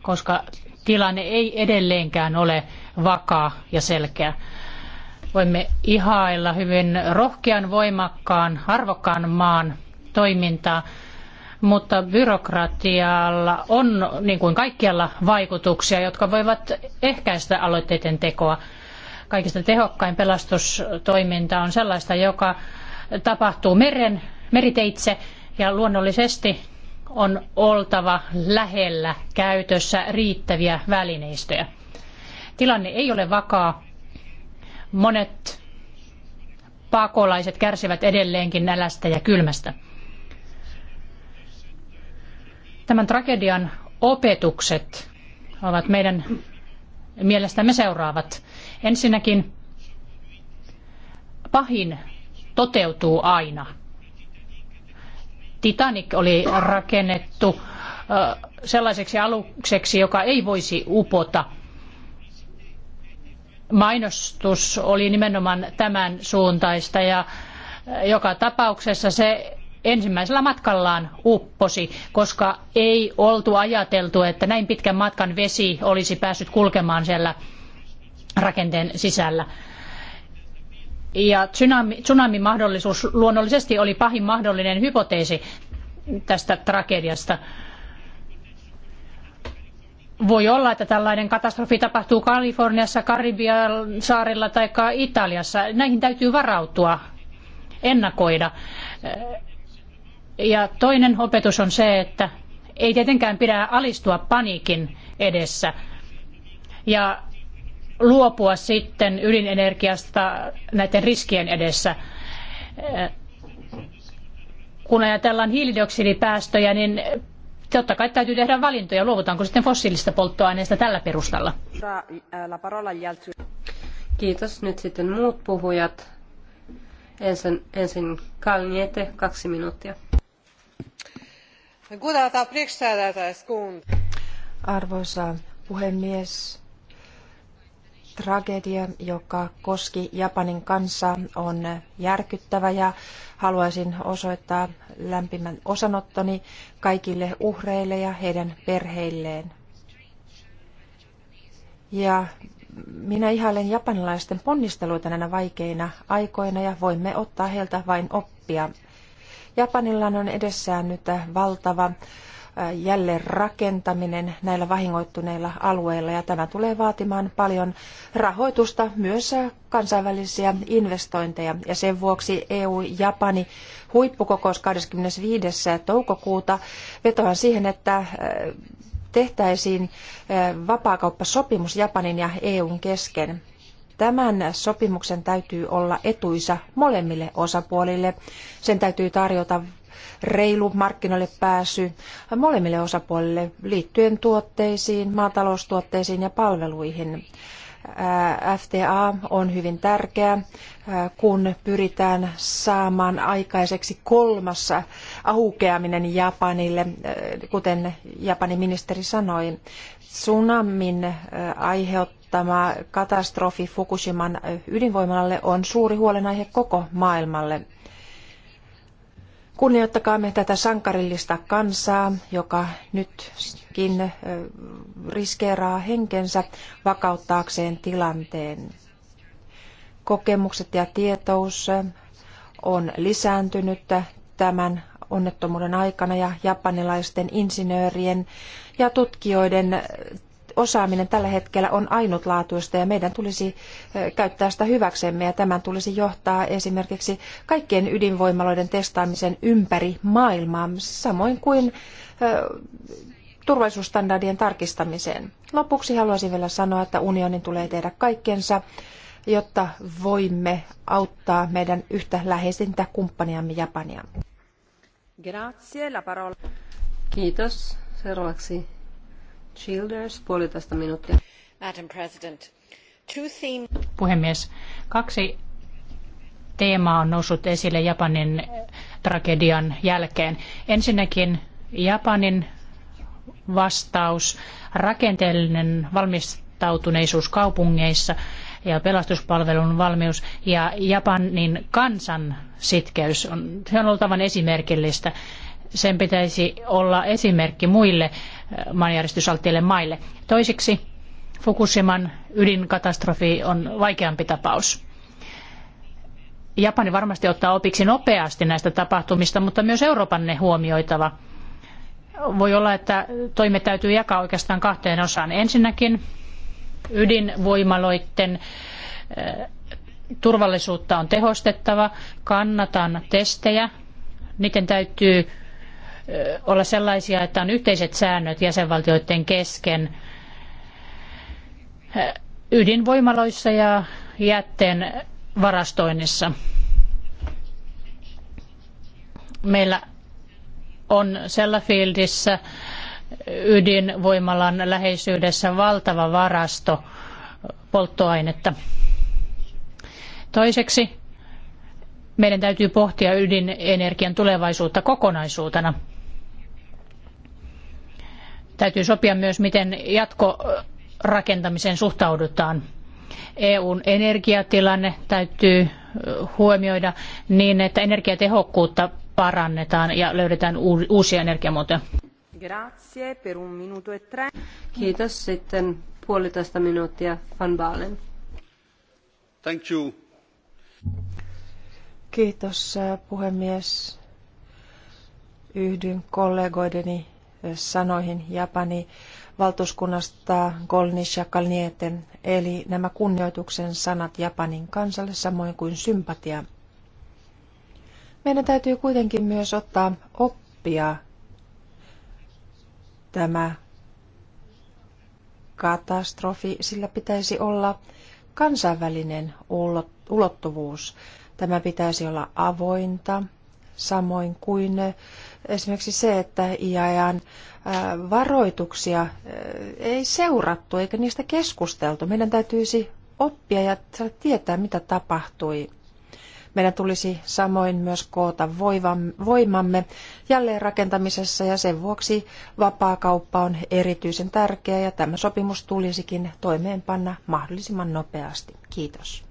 koska tilanne ei edelleenkään ole vakaa ja selkeä. Voimme ihailla hyvin rohkean, voimakkaan, arvokkaan maan toimintaa, mutta byrokratialla on, niin kuin kaikkialla, vaikutuksia, jotka voivat ehkäistä aloitteiden tekoa. Kaikista tehokkain pelastustoiminta on sellaista, joka tapahtuu meren, meriteitse ja luonnollisesti on oltava lähellä käytössä riittäviä välineistöjä. Tilanne ei ole vakaa Monet pakolaiset kärsivät edelleenkin nälästä ja kylmästä. Tämän tragedian opetukset ovat meidän mielestämme seuraavat. Ensinnäkin pahin toteutuu aina. Titanic oli rakennettu sellaiseksi alukseksi, joka ei voisi upota – mainostus oli nimenomaan tämän suuntaista ja joka tapauksessa se ensimmäisellä matkallaan upposi, koska ei oltu ajateltu, että näin pitkän matkan vesi olisi päässyt kulkemaan siellä rakenteen sisällä. Ja tsunami, tsunamin mahdollisuus luonnollisesti oli pahin mahdollinen hypoteesi tästä tragediasta. Voi olla, että tällainen katastrofi tapahtuu Kaliforniassa, Karibian saarilla tai Italiassa. Näihin täytyy varautua, ennakoida. Ja toinen opetus on se, että ei tietenkään pidä alistua paniikin edessä ja luopua sitten ydinenergiasta näiden riskien edessä. Kun ajatellaan hiilidioksidipäästöjä, niin totta kai täytyy tehdä valintoja, luovutaanko sitten fossiilista polttoaineista tällä perustalla. Kiitos. Nyt sitten muut puhujat. Ensin, ensin Kalniete, kaksi minuuttia. Arvoisa puhemies, tragedia, joka koski Japanin kansaa, on järkyttävä ja haluaisin osoittaa lämpimän osanottoni kaikille uhreille ja heidän perheilleen. Ja minä ihailen japanilaisten ponnisteluita näinä vaikeina aikoina ja voimme ottaa heiltä vain oppia. Japanilla on edessään nyt valtava jälleenrakentaminen näillä vahingoittuneilla alueilla ja tämä tulee vaatimaan paljon rahoitusta, myös kansainvälisiä investointeja ja sen vuoksi EU-Japani huippukokous 25. toukokuuta vetoan siihen, että äh, tehtäisiin äh, vapaakauppasopimus Japanin ja EUn kesken. Tämän sopimuksen täytyy olla etuisa molemmille osapuolille. Sen täytyy tarjota reilu markkinoille pääsy molemmille osapuolille liittyen tuotteisiin, maataloustuotteisiin ja palveluihin. FTA on hyvin tärkeä, kun pyritään saamaan aikaiseksi kolmas aukeaminen Japanille, kuten Japanin ministeri sanoi. Tsunamin aiheuttama katastrofi Fukushiman ydinvoimalalle on suuri huolenaihe koko maailmalle. Kunnioittakaamme tätä sankarillista kansaa, joka nytkin riskeeraa henkensä vakauttaakseen tilanteen. Kokemukset ja tietous on lisääntynyt tämän onnettomuuden aikana ja japanilaisten insinöörien ja tutkijoiden osaaminen tällä hetkellä on ainutlaatuista ja meidän tulisi käyttää sitä hyväksemme ja tämän tulisi johtaa esimerkiksi kaikkien ydinvoimaloiden testaamisen ympäri maailmaa, samoin kuin turvallisuusstandardien tarkistamiseen. Lopuksi haluaisin vielä sanoa, että unionin tulee tehdä kaikkensa, jotta voimme auttaa meidän yhtä läheisintä kumppaniamme Japania. Grazie, la parola. Kiitos. Seuraavaksi Puhemies, kaksi teemaa on noussut esille Japanin tragedian jälkeen. Ensinnäkin Japanin vastaus, rakenteellinen valmistautuneisuus kaupungeissa ja pelastuspalvelun valmius ja Japanin kansan sitkeys on, se on oltavan esimerkillistä sen pitäisi olla esimerkki muille eh, maanjäristysalttiille maille. Toiseksi Fukushiman ydinkatastrofi on vaikeampi tapaus. Japani varmasti ottaa opiksi nopeasti näistä tapahtumista, mutta myös Euroopan ne huomioitava. Voi olla, että toimet täytyy jakaa oikeastaan kahteen osaan. Ensinnäkin ydinvoimaloiden eh, turvallisuutta on tehostettava. Kannatan testejä. Niiden täytyy olla sellaisia, että on yhteiset säännöt jäsenvaltioiden kesken ydinvoimaloissa ja jätteen varastoinnissa. Meillä on Sellafieldissä ydinvoimalan läheisyydessä valtava varasto polttoainetta. Toiseksi meidän täytyy pohtia ydinenergian tulevaisuutta kokonaisuutena. Täytyy sopia myös, miten jatkorakentamiseen suhtaudutaan. EUn energiatilanne täytyy huomioida niin, että energiatehokkuutta parannetaan ja löydetään uusia energiamuotoja. Grazie per un minuto e tre. Kiitos. Sitten puolitoista minuuttia Van Baalen. Thank you. Kiitos äh, puhemies. Yhdyn kollegoideni sanoihin Japani valtuuskunnasta Golnish ja Kalniete, eli nämä kunnioituksen sanat Japanin kansalle samoin kuin sympatia. Meidän täytyy kuitenkin myös ottaa oppia tämä katastrofi, sillä pitäisi olla kansainvälinen ulottuvuus. Tämä pitäisi olla avointa, samoin kuin esimerkiksi se, että IAEAn varoituksia ei seurattu eikä niistä keskusteltu. Meidän täytyisi oppia ja saada tietää, mitä tapahtui. Meidän tulisi samoin myös koota voimamme jälleenrakentamisessa ja sen vuoksi vapaakauppa on erityisen tärkeä ja tämä sopimus tulisikin toimeenpanna mahdollisimman nopeasti. Kiitos.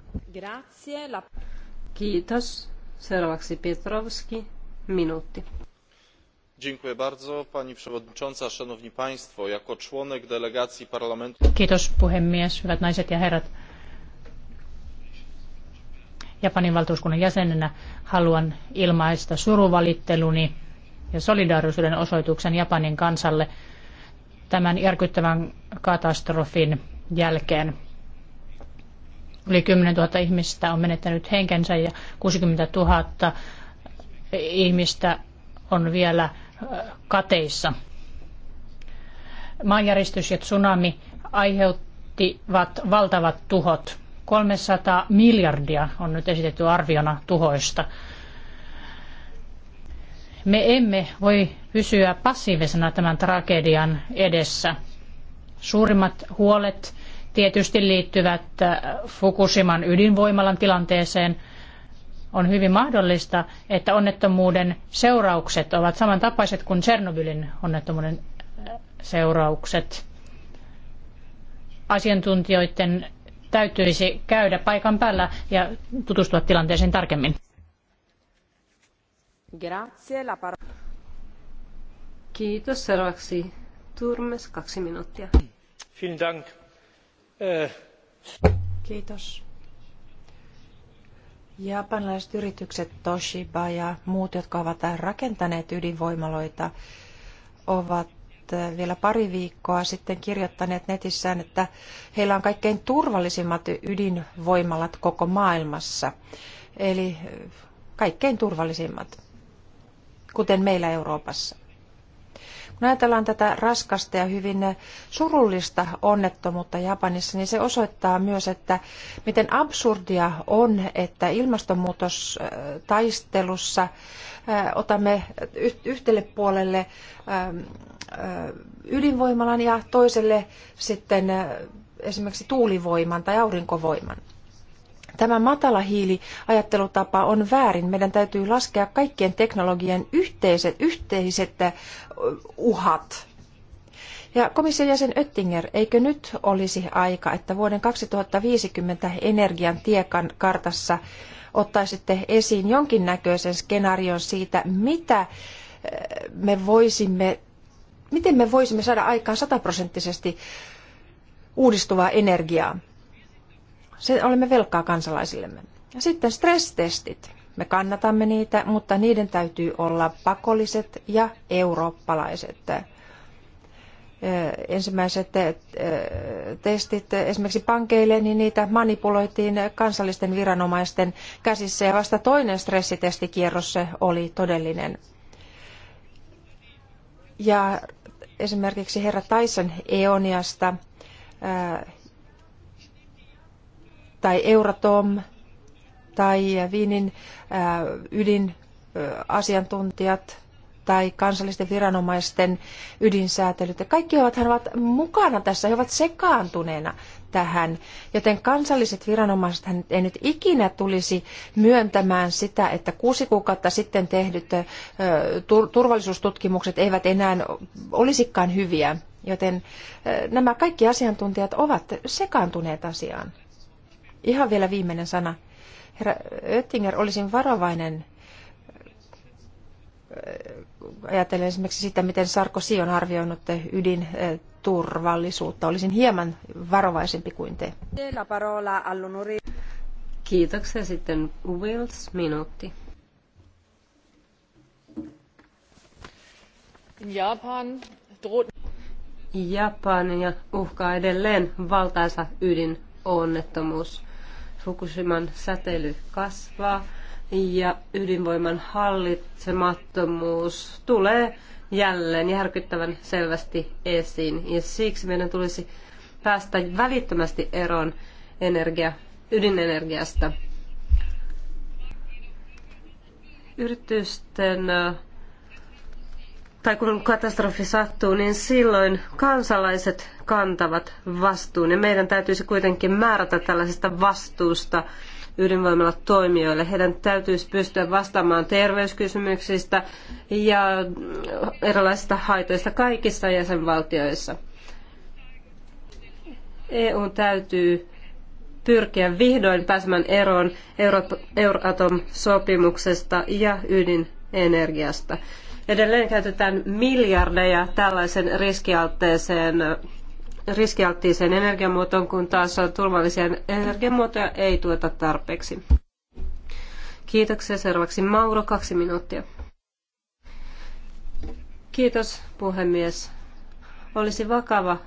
Kiitos. Seuraavaksi Petrovski, minuutti szanowni państwo! jako członek delegacji parlamentu Japanin valtuuskunnan jäsenenä haluan ilmaista suruvalitteluni ja solidaarisuuden osoituksen Japanin kansalle tämän järkyttävän katastrofin jälkeen. Yli kymmenen tuhatta ihmistä on menettänyt henkensä ja kuusikymmentä tuhatta ihmistä on vielä kateissa. Maanjäristys ja tsunami aiheuttivat valtavat tuhot. 300 miljardia on nyt esitetty arviona tuhoista. Me emme voi pysyä passiivisena tämän tragedian edessä. Suurimmat huolet tietysti liittyvät Fukushiman ydinvoimalan tilanteeseen – on hyvin mahdollista, että onnettomuuden seuraukset ovat samantapaiset kuin Tsernobylin onnettomuuden äh, seuraukset. Asiantuntijoiden täytyisi käydä paikan päällä ja tutustua tilanteeseen tarkemmin. Kiitos. Seuraavaksi Turmes, kaksi minuuttia. Äh. Kiitos. Japanilaiset yritykset Toshiba ja muut, jotka ovat rakentaneet ydinvoimaloita, ovat vielä pari viikkoa sitten kirjoittaneet netissään, että heillä on kaikkein turvallisimmat ydinvoimalat koko maailmassa. Eli kaikkein turvallisimmat, kuten meillä Euroopassa. Kun ajatellaan tätä raskasta ja hyvin surullista onnettomuutta Japanissa, niin se osoittaa myös, että miten absurdia on, että ilmastonmuutostaistelussa otamme yhdelle puolelle ydinvoimalan ja toiselle sitten esimerkiksi tuulivoiman tai aurinkovoiman. Tämä matala hiiliajattelutapa on väärin. Meidän täytyy laskea kaikkien teknologian yhteiset, yhteiset uhat. Ja komission jäsen Oettinger, eikö nyt olisi aika, että vuoden 2050 energian tiekartassa ottaisitte esiin jonkinnäköisen skenaarion siitä, mitä me voisimme, miten me voisimme saada aikaan sataprosenttisesti uudistuvaa energiaa? Se olemme velkaa kansalaisillemme. Ja sitten stressitestit. Me kannatamme niitä, mutta niiden täytyy olla pakolliset ja eurooppalaiset. Ensimmäiset testit esimerkiksi pankeille, niin niitä manipuloitiin kansallisten viranomaisten käsissä ja vasta toinen stressitestikierros oli todellinen. Ja esimerkiksi herra Tyson Eoniasta tai Euratom tai Viinin äh, ydinasiantuntijat äh, tai kansallisten viranomaisten ydinsäätelyt. Ja kaikki ovat, ovat mukana tässä, he ovat sekaantuneena tähän, joten kansalliset viranomaiset ei nyt ikinä tulisi myöntämään sitä, että kuusi kuukautta sitten tehdyt äh, turvallisuustutkimukset eivät enää olisikaan hyviä, joten nämä kaikki asiantuntijat ovat sekaantuneet asiaan. Ihan vielä viimeinen sana. Herra Oettinger, olisin varovainen äh, ajatellen esimerkiksi sitä, miten Sarkozy on arvioinut ydinturvallisuutta. Olisin hieman varovaisempi kuin te. Kiitoksia. Sitten Wills minuutti. Japan Japania uhkaa edelleen valtaisa ydinonnettomuus. Fukushiman säteily kasvaa ja ydinvoiman hallitsemattomuus tulee jälleen järkyttävän selvästi esiin. Ja siksi meidän tulisi päästä välittömästi eroon energia, ydinenergiasta. Yritysten äh, tai kun katastrofi sattuu, niin silloin kansalaiset kantavat vastuun. Ja meidän täytyisi kuitenkin määrätä tällaisesta vastuusta ydinvoimalla toimijoille. Heidän täytyisi pystyä vastaamaan terveyskysymyksistä ja erilaisista haitoista kaikissa jäsenvaltioissa. EU täytyy pyrkiä vihdoin pääsemään eroon Euratom-sopimuksesta ja ydinenergiasta. Edelleen käytetään miljardeja tällaisen riskialtteeseen riskialttiiseen energiamuotoon, kun taas turvallisia energiamuotoja ei tueta tarpeeksi. Kiitoksia. Seuraavaksi Mauro, kaksi minuuttia. Kiitos, puhemies. Olisi vakava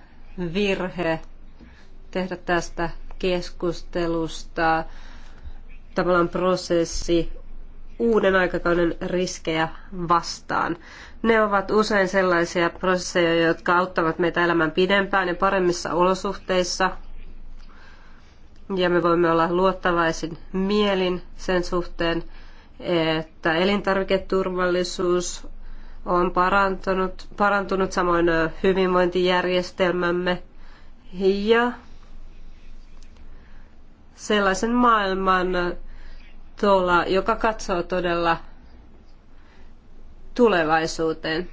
virhe tehdä tästä keskustelusta tavallaan prosessi uuden aikakauden riskejä vastaan. Ne ovat usein sellaisia prosesseja, jotka auttavat meitä elämään pidempään ja paremmissa olosuhteissa. Ja me voimme olla luottavaisin mielin sen suhteen, että elintarviketurvallisuus on parantunut, parantunut samoin hyvinvointijärjestelmämme ja sellaisen maailman tuolla, joka katsoo todella tulevaisuuteen.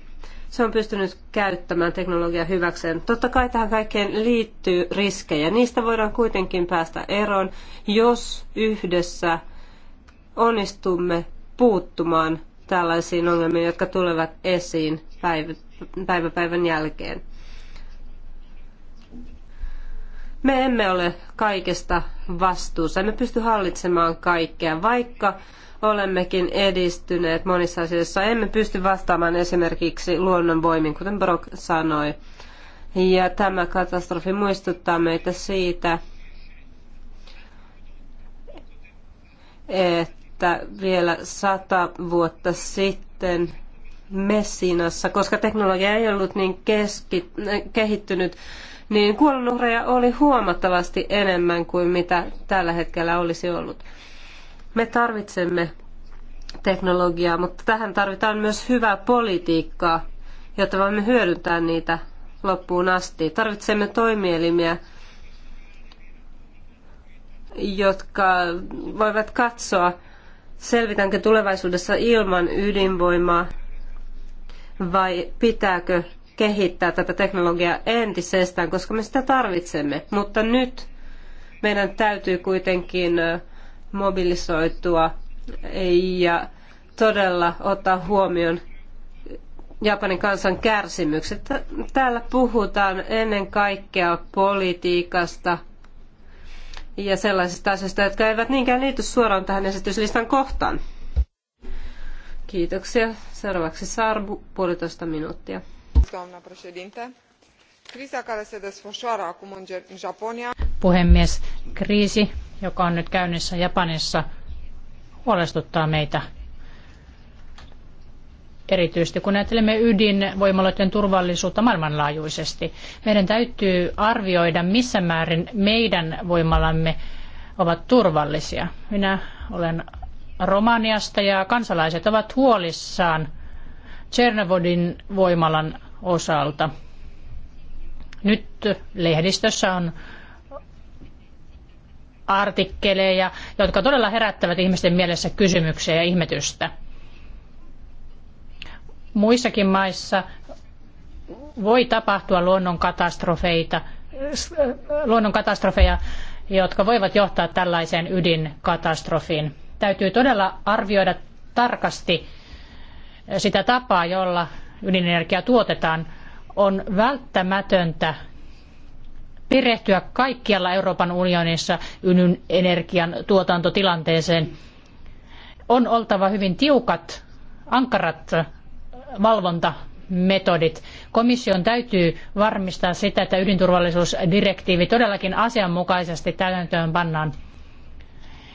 Se on pystynyt käyttämään teknologiaa hyväkseen. Totta kai tähän kaikkeen liittyy riskejä. Niistä voidaan kuitenkin päästä eroon, jos yhdessä onnistumme puuttumaan tällaisiin ongelmiin, jotka tulevat esiin päivä, päivä päivän jälkeen. Me emme ole kaikesta vastuussa, emme pysty hallitsemaan kaikkea, vaikka olemmekin edistyneet monissa asioissa. Emme pysty vastaamaan esimerkiksi luonnonvoimiin, kuten Brock sanoi. Ja tämä katastrofi muistuttaa meitä siitä, että vielä sata vuotta sitten Messinassa, koska teknologia ei ollut niin keski, kehittynyt, niin kuolonuhreja oli huomattavasti enemmän kuin mitä tällä hetkellä olisi ollut. Me tarvitsemme teknologiaa, mutta tähän tarvitaan myös hyvää politiikkaa, jotta voimme hyödyntää niitä loppuun asti. Tarvitsemme toimielimiä, jotka voivat katsoa, selvitäänkö tulevaisuudessa ilman ydinvoimaa vai pitääkö kehittää tätä teknologiaa entisestään, koska me sitä tarvitsemme. Mutta nyt meidän täytyy kuitenkin mobilisoitua ja todella ottaa huomioon Japanin kansan kärsimykset. Täällä puhutaan ennen kaikkea politiikasta ja sellaisista asioista, jotka eivät niinkään liity suoraan tähän esityslistan kohtaan. Kiitoksia. Seuraavaksi Sarbu, puolitoista minuuttia. Puhemies, kriisi, joka on nyt käynnissä Japanissa, huolestuttaa meitä. Erityisesti kun ajattelemme ydinvoimaloiden turvallisuutta maailmanlaajuisesti, meidän täytyy arvioida, missä määrin meidän voimalamme ovat turvallisia. Minä olen Romaniasta ja kansalaiset ovat huolissaan Chernovodin voimalan osalta. Nyt lehdistössä on artikkeleja, jotka todella herättävät ihmisten mielessä kysymyksiä ja ihmetystä. Muissakin maissa voi tapahtua luonnonkatastrofeita, luonnonkatastrofeja, jotka voivat johtaa tällaiseen ydinkatastrofiin. Täytyy todella arvioida tarkasti sitä tapaa, jolla ydinenergiaa tuotetaan, on välttämätöntä perehtyä kaikkialla Euroopan unionissa ydinenergian tuotantotilanteeseen. On oltava hyvin tiukat, ankarat valvontametodit. Komission täytyy varmistaa sitä, että ydinturvallisuusdirektiivi todellakin asianmukaisesti täytäntöön pannaan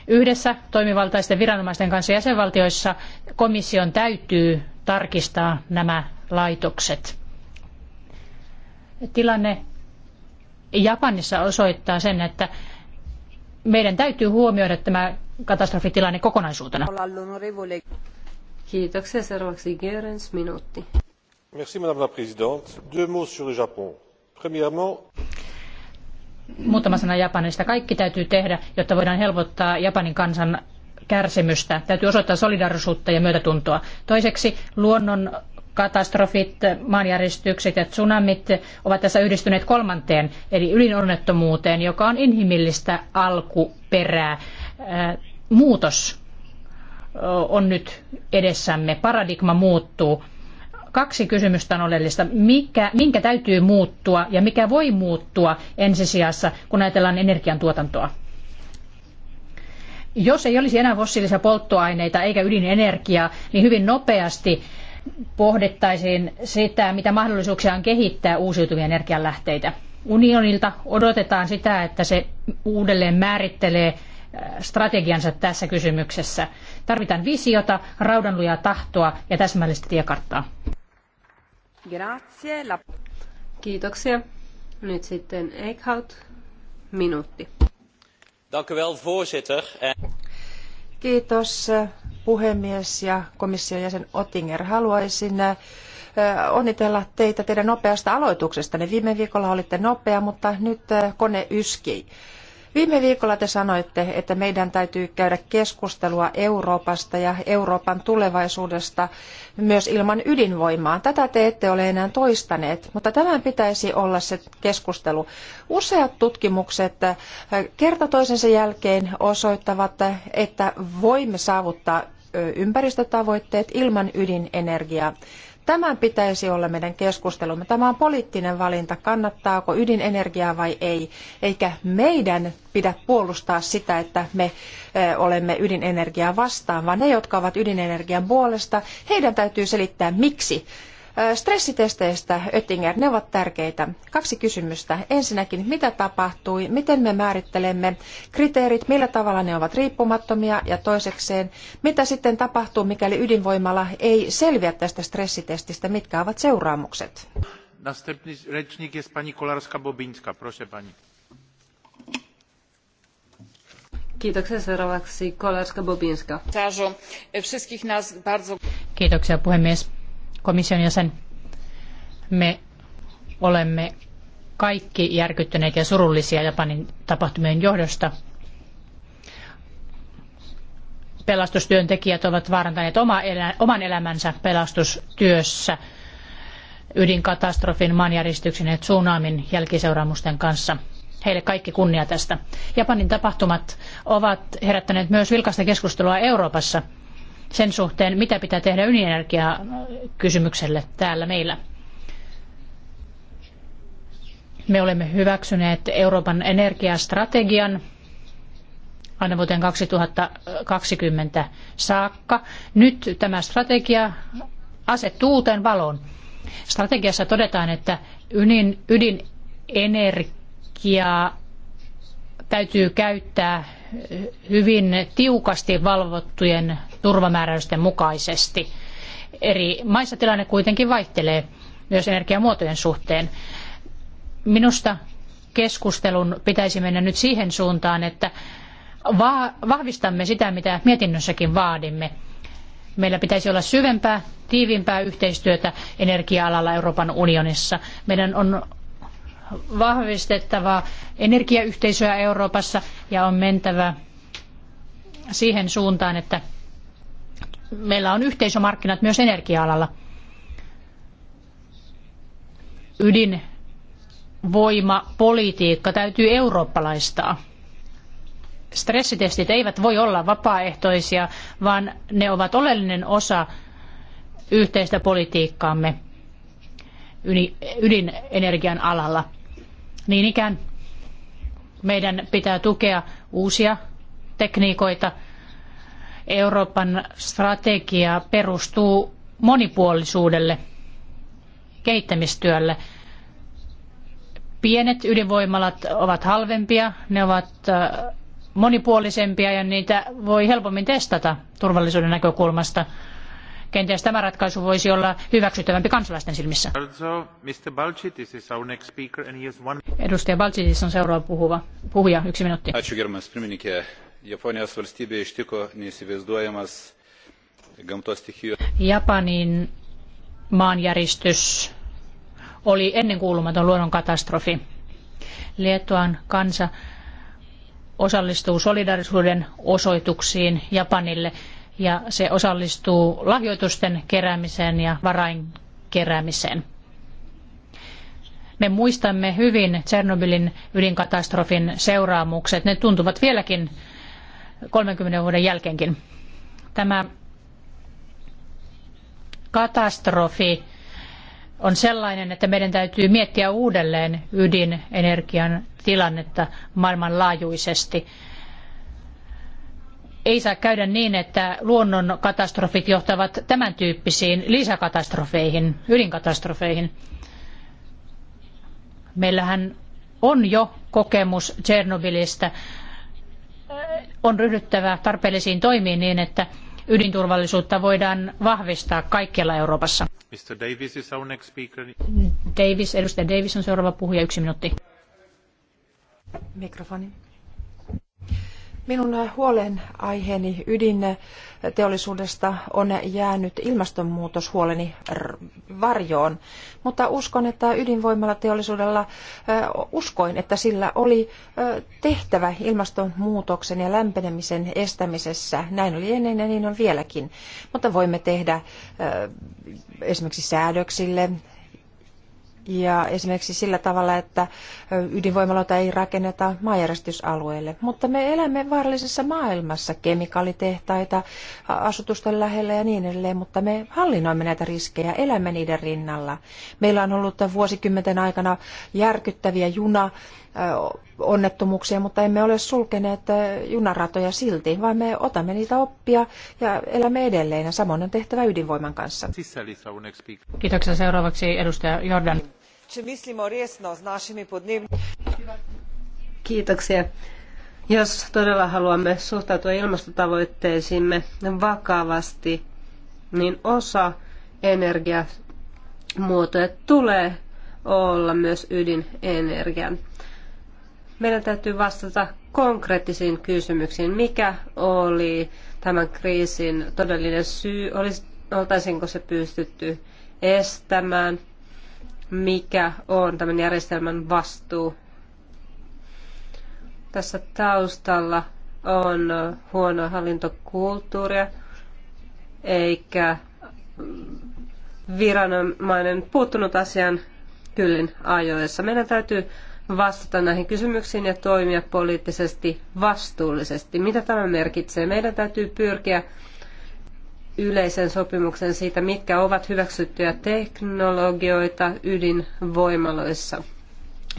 yhdessä toimivaltaisten viranomaisten kanssa jäsenvaltioissa komission täytyy tarkistaa nämä laitokset. Tilanne Japanissa osoittaa sen, että meidän täytyy huomioida tämä katastrofitilanne kokonaisuutena. Kiitoksia. Seuraavaksi Görens, minuutti. Merci, madame la présidente. Deux mots sur le Japon. Premièrement... Muutama sana Japanista. Kaikki täytyy tehdä, jotta voidaan helpottaa Japanin kansan kärsimystä. Täytyy osoittaa solidarisuutta ja myötätuntoa. Toiseksi luonnon katastrofit, maanjäristykset ja tsunamit ovat tässä yhdistyneet kolmanteen, eli ydinonnettomuuteen, joka on inhimillistä alkuperää. Äh, muutos äh, on nyt edessämme, paradigma muuttuu. Kaksi kysymystä on oleellista. Mikä, minkä täytyy muuttua ja mikä voi muuttua ensisijassa, kun ajatellaan energiantuotantoa? jos ei olisi enää fossiilisia polttoaineita eikä ydinenergiaa, niin hyvin nopeasti pohdittaisiin sitä, mitä mahdollisuuksia on kehittää uusiutuvia energianlähteitä. Unionilta odotetaan sitä, että se uudelleen määrittelee äh, strategiansa tässä kysymyksessä. Tarvitaan visiota, raudanlujaa tahtoa ja täsmällistä tiekarttaa. Grazie. Kiitoksia. Nyt sitten Eichhout, minuutti. Dank u wel, voorzitter. Kiitos puhemies ja komission jäsen Ottinger. Haluaisin äh, onnitella teitä teidän nopeasta aloituksestanne. Viime viikolla olitte nopea, mutta nyt äh, kone yskii. Viime viikolla te sanoitte, että meidän täytyy käydä keskustelua Euroopasta ja Euroopan tulevaisuudesta myös ilman ydinvoimaa. Tätä te ette ole enää toistaneet, mutta tämän pitäisi olla se keskustelu. Useat tutkimukset äh, kerta toisensa jälkeen osoittavat, että voimme saavuttaa ympäristötavoitteet ilman ydinenergiaa. Tämän pitäisi olla meidän keskustelumme. Tämä on poliittinen valinta, kannattaako ydinenergiaa vai ei. Eikä meidän pidä puolustaa sitä, että me olemme ydinenergiaa vastaan, vaan ne, jotka ovat ydinenergian puolesta, heidän täytyy selittää miksi Stressitesteistä, Öttinger, ne ovat tärkeitä. Kaksi kysymystä. Ensinnäkin, mitä tapahtui, miten me määrittelemme kriteerit, millä tavalla ne ovat riippumattomia ja toisekseen, mitä sitten tapahtuu, mikäli ydinvoimala ei selviä tästä stressitestistä, mitkä ovat seuraamukset? Następny rzecznik jest pani Kolarska-Bobińska. Proszę pani. Kiitoksia seuraavaksi Kolarska-Bobińska. Wszystkich nas bardzo... Kiitoksia puhemies komission jäsen. Me olemme kaikki järkyttyneitä ja surullisia Japanin tapahtumien johdosta. Pelastustyöntekijät ovat vaarantaneet oma elä, oman elämänsä pelastustyössä ydinkatastrofin, maanjäristyksen ja tsunamin jälkiseuraamusten kanssa. Heille kaikki kunnia tästä. Japanin tapahtumat ovat herättäneet myös vilkasta keskustelua Euroopassa sen suhteen, mitä pitää tehdä ydinenergiaa kysymykselle täällä meillä. Me olemme hyväksyneet Euroopan energiastrategian aina vuoteen 2020 saakka. Nyt tämä strategia asettuu uuteen valoon. Strategiassa todetaan, että ydin, ydinenergiaa täytyy käyttää hyvin tiukasti valvottujen turvamääräysten mukaisesti. Eri maissa tilanne kuitenkin vaihtelee myös energiamuotojen suhteen. Minusta keskustelun pitäisi mennä nyt siihen suuntaan, että vahvistamme sitä, mitä mietinnössäkin vaadimme. Meillä pitäisi olla syvempää, tiiviimpää yhteistyötä energia-alalla Euroopan unionissa. Meidän on vahvistettava energiayhteisöä Euroopassa ja on mentävä siihen suuntaan, että meillä on yhteisömarkkinat myös energia-alalla. Ydinvoimapolitiikka täytyy eurooppalaistaa. Stressitestit eivät voi olla vapaaehtoisia, vaan ne ovat oleellinen osa yhteistä politiikkaamme ydinenergian alalla. Niin ikään meidän pitää tukea uusia tekniikoita – Euroopan strategia perustuu monipuolisuudelle, kehittämistyölle. Pienet ydinvoimalat ovat halvempia, ne ovat monipuolisempia ja niitä voi helpommin testata turvallisuuden näkökulmasta. Kenties tämä ratkaisu voisi olla hyväksyttävämpi kansalaisten silmissä. Edustaja Balcitis on seuraava puhuva. puhuja, yksi minuutti. Japonijos valstybė ištiko neįsivaizduojamas gamtos stichijos. Japanin maanjäristys oli ennenkuulumaton luonnonkatastrofi. Liettuan kansa osallistuu solidarisuuden osoituksiin Japanille ja se osallistuu lahjoitusten keräämiseen ja varain keräämiseen. Me muistamme hyvin Tsernobylin ydinkatastrofin seuraamukset. Ne tuntuvat vieläkin 30 vuoden jälkeenkin. Tämä katastrofi on sellainen, että meidän täytyy miettiä uudelleen ydinenergian tilannetta maailmanlaajuisesti. Ei saa käydä niin, että luonnon katastrofit johtavat tämän tyyppisiin lisäkatastrofeihin, ydinkatastrofeihin. Meillähän on jo kokemus Tsernobylistä on ryhdyttävä tarpeellisiin toimiin niin, että ydinturvallisuutta voidaan vahvistaa kaikkialla Euroopassa. Mr. Davis, is our next speaker. Davis, edustaja Davis on seuraava puhuja, yksi minuutti. Mikrofoni. Minun huolenaiheeni ydinteollisuudesta on jäänyt ilmastonmuutoshuoleni varjoon, mutta uskon, että ydinvoimalateollisuudella uskoin, että sillä oli tehtävä ilmastonmuutoksen ja lämpenemisen estämisessä. Näin oli ennen ja niin on vieläkin. Mutta voimme tehdä esimerkiksi säädöksille, ja esimerkiksi sillä tavalla, että ydinvoimaloita ei rakenneta maanjäristysalueelle. Mutta me elämme vaarallisessa maailmassa, kemikaalitehtaita asutusten lähellä ja niin edelleen, mutta me hallinnoimme näitä riskejä, elämme niiden rinnalla. Meillä on ollut vuosikymmenten aikana järkyttäviä juna onnettomuuksia, mutta emme ole sulkeneet junaratoja silti, vaan me otamme niitä oppia ja elämme edelleen. Ja samoin on tehtävä ydinvoiman kanssa. Kiitoksia. Seuraavaksi edustaja Jordan če mislimo resno s našimi podnebnimi... Kiitoksia. Jos todella haluamme suhtautua ilmastotavoitteisiimme vakavasti, niin osa energiamuotoja tulee olla myös ydinenergian. Meidän täytyy vastata konkreettisiin kysymyksiin. Mikä oli tämän kriisin todellinen syy? Olis, oltaisinko se pystytty estämään? mikä on tämän järjestelmän vastuu. Tässä taustalla on huono hallintokulttuuria, eikä viranomainen puuttunut asian kyllin ajoissa. Meidän täytyy vastata näihin kysymyksiin ja toimia poliittisesti vastuullisesti. Mitä tämä merkitsee? Meidän täytyy pyrkiä yleisen sopimuksen siitä, mitkä ovat hyväksyttyjä teknologioita ydinvoimaloissa.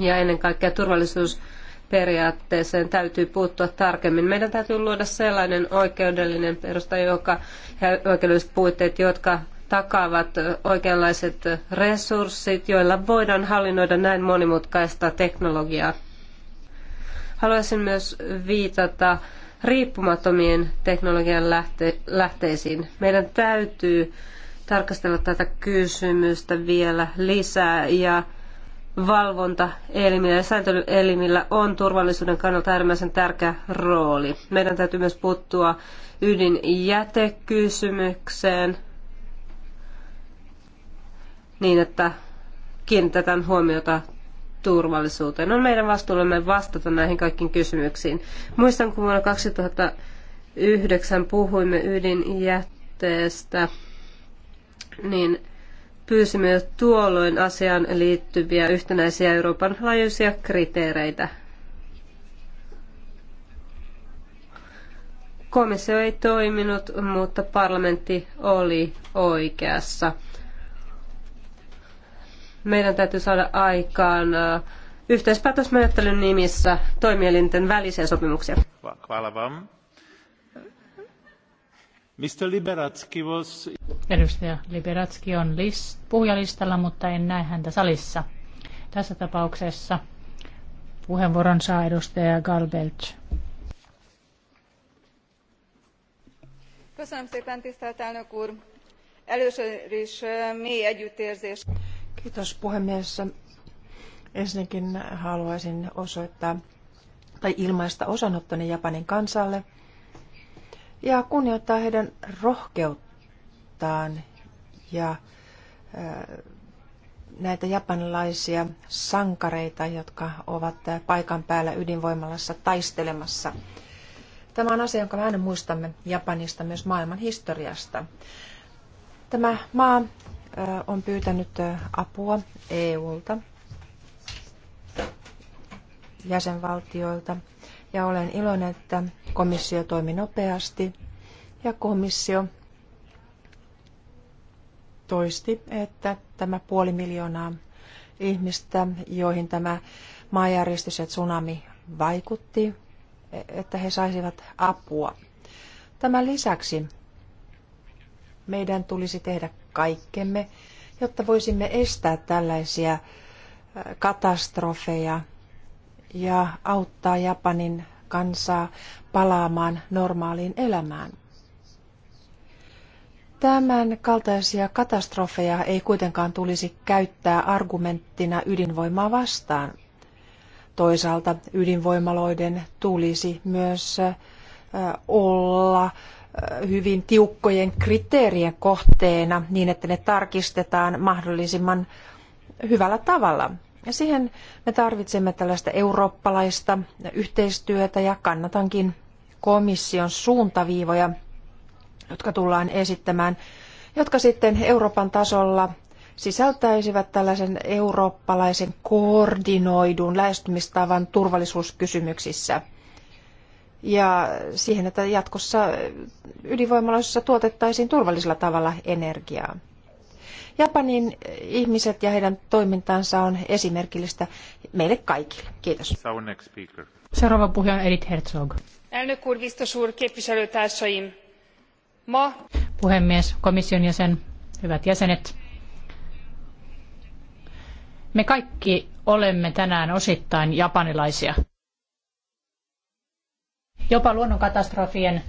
Ja ennen kaikkea turvallisuusperiaatteeseen täytyy puuttua tarkemmin. Meidän täytyy luoda sellainen oikeudellinen perusta joka, ja oikeudelliset puitteet, jotka takaavat oikeanlaiset resurssit, joilla voidaan hallinnoida näin monimutkaista teknologiaa. Haluaisin myös viitata riippumattomien teknologian lähte- lähteisiin. Meidän täytyy tarkastella tätä kysymystä vielä lisää ja valvonta ja sääntelyelimillä on turvallisuuden kannalta äärimmäisen tärkeä rooli. Meidän täytyy myös puuttua ydinjätekysymykseen niin, että kiinnitetään huomiota turvallisuuteen. On meidän vastuullamme vastata näihin kaikkiin kysymyksiin. Muistan, kun vuonna 2009 puhuimme ydinjätteestä, niin pyysimme jo tuolloin asiaan liittyviä yhtenäisiä Euroopan laajuisia kriteereitä. Komissio ei toiminut, mutta parlamentti oli oikeassa – meidän täytyy saada aikaan yhteispäätösmenettelyn nimissä toimielinten välisiä sopimuksia. Mr. Liberatski was... Edustaja Liberatski on list, puhujalistalla, mutta en näe häntä salissa. Tässä tapauksessa puheenvuoron saa edustaja Galbelch. Köszönöm szépen, tisztelt elnök úr! Először is mély együttérzés. Kiitos puhemies. Ensinnäkin haluaisin osoittaa tai ilmaista osanottoni Japanin kansalle ja kunnioittaa heidän rohkeuttaan ja näitä japanilaisia sankareita, jotka ovat paikan päällä ydinvoimalassa taistelemassa. Tämä on asia, jonka me aina muistamme Japanista myös maailman historiasta. Tämä maa on pyytänyt apua EUlta, jäsenvaltioilta, ja olen iloinen, että komissio toimi nopeasti, ja komissio toisti, että tämä puoli miljoonaa ihmistä, joihin tämä maanjäristys ja tsunami vaikutti, että he saisivat apua. Tämän lisäksi meidän tulisi tehdä kaikkemme, jotta voisimme estää tällaisia äh, katastrofeja ja auttaa Japanin kansaa palaamaan normaaliin elämään. Tämän kaltaisia katastrofeja ei kuitenkaan tulisi käyttää argumenttina ydinvoimaa vastaan. Toisaalta ydinvoimaloiden tulisi myös äh, olla hyvin tiukkojen kriteerien kohteena niin, että ne tarkistetaan mahdollisimman hyvällä tavalla. Ja siihen me tarvitsemme tällaista eurooppalaista yhteistyötä ja kannatankin komission suuntaviivoja, jotka tullaan esittämään, jotka sitten Euroopan tasolla sisältäisivät tällaisen eurooppalaisen koordinoidun lähestymistavan turvallisuuskysymyksissä – ja siihen, että jatkossa ydinvoimaloissa tuotettaisiin turvallisella tavalla energiaa. Japanin ihmiset ja heidän toimintansa on esimerkillistä meille kaikille. Kiitos. Seuraava puhuja on Edith Herzog. Puhemies, komission jäsen, hyvät jäsenet. Me kaikki olemme tänään osittain japanilaisia. Jopa luonnonkatastrofien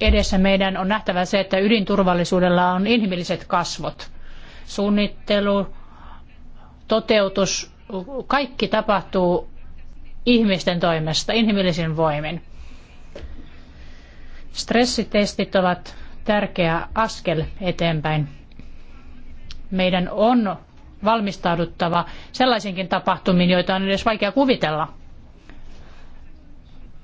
edessä meidän on nähtävä se, että ydinturvallisuudella on inhimilliset kasvot. Suunnittelu, toteutus, kaikki tapahtuu ihmisten toimesta, inhimillisin voimin. Stressitestit ovat tärkeä askel eteenpäin. Meidän on valmistauduttava sellaisinkin tapahtumiin, joita on edes vaikea kuvitella.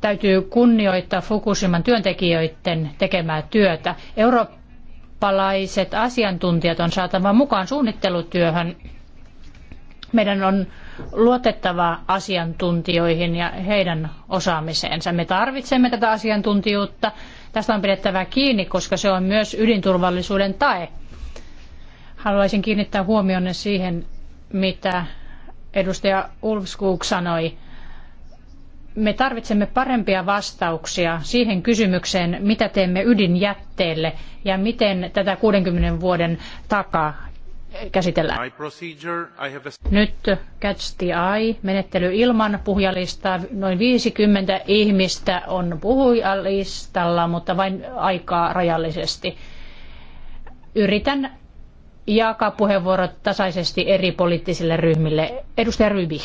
Täytyy kunnioittaa Fukushiman työntekijöiden tekemää työtä. Eurooppalaiset asiantuntijat on saatava mukaan suunnittelutyöhön. Meidän on luotettava asiantuntijoihin ja heidän osaamiseensa. Me tarvitsemme tätä asiantuntijuutta. Tästä on pidettävä kiinni, koska se on myös ydinturvallisuuden tae. Haluaisin kiinnittää huomionne siihen, mitä edustaja Ulfskog sanoi me tarvitsemme parempia vastauksia siihen kysymykseen, mitä teemme ydinjätteelle ja miten tätä 60 vuoden takaa käsitellään. Nyt Catch the Eye, menettely ilman puhujalistaa. Noin 50 ihmistä on puhujalistalla, mutta vain aikaa rajallisesti. Yritän jakaa puheenvuorot tasaisesti eri poliittisille ryhmille. Edustaja Rybih.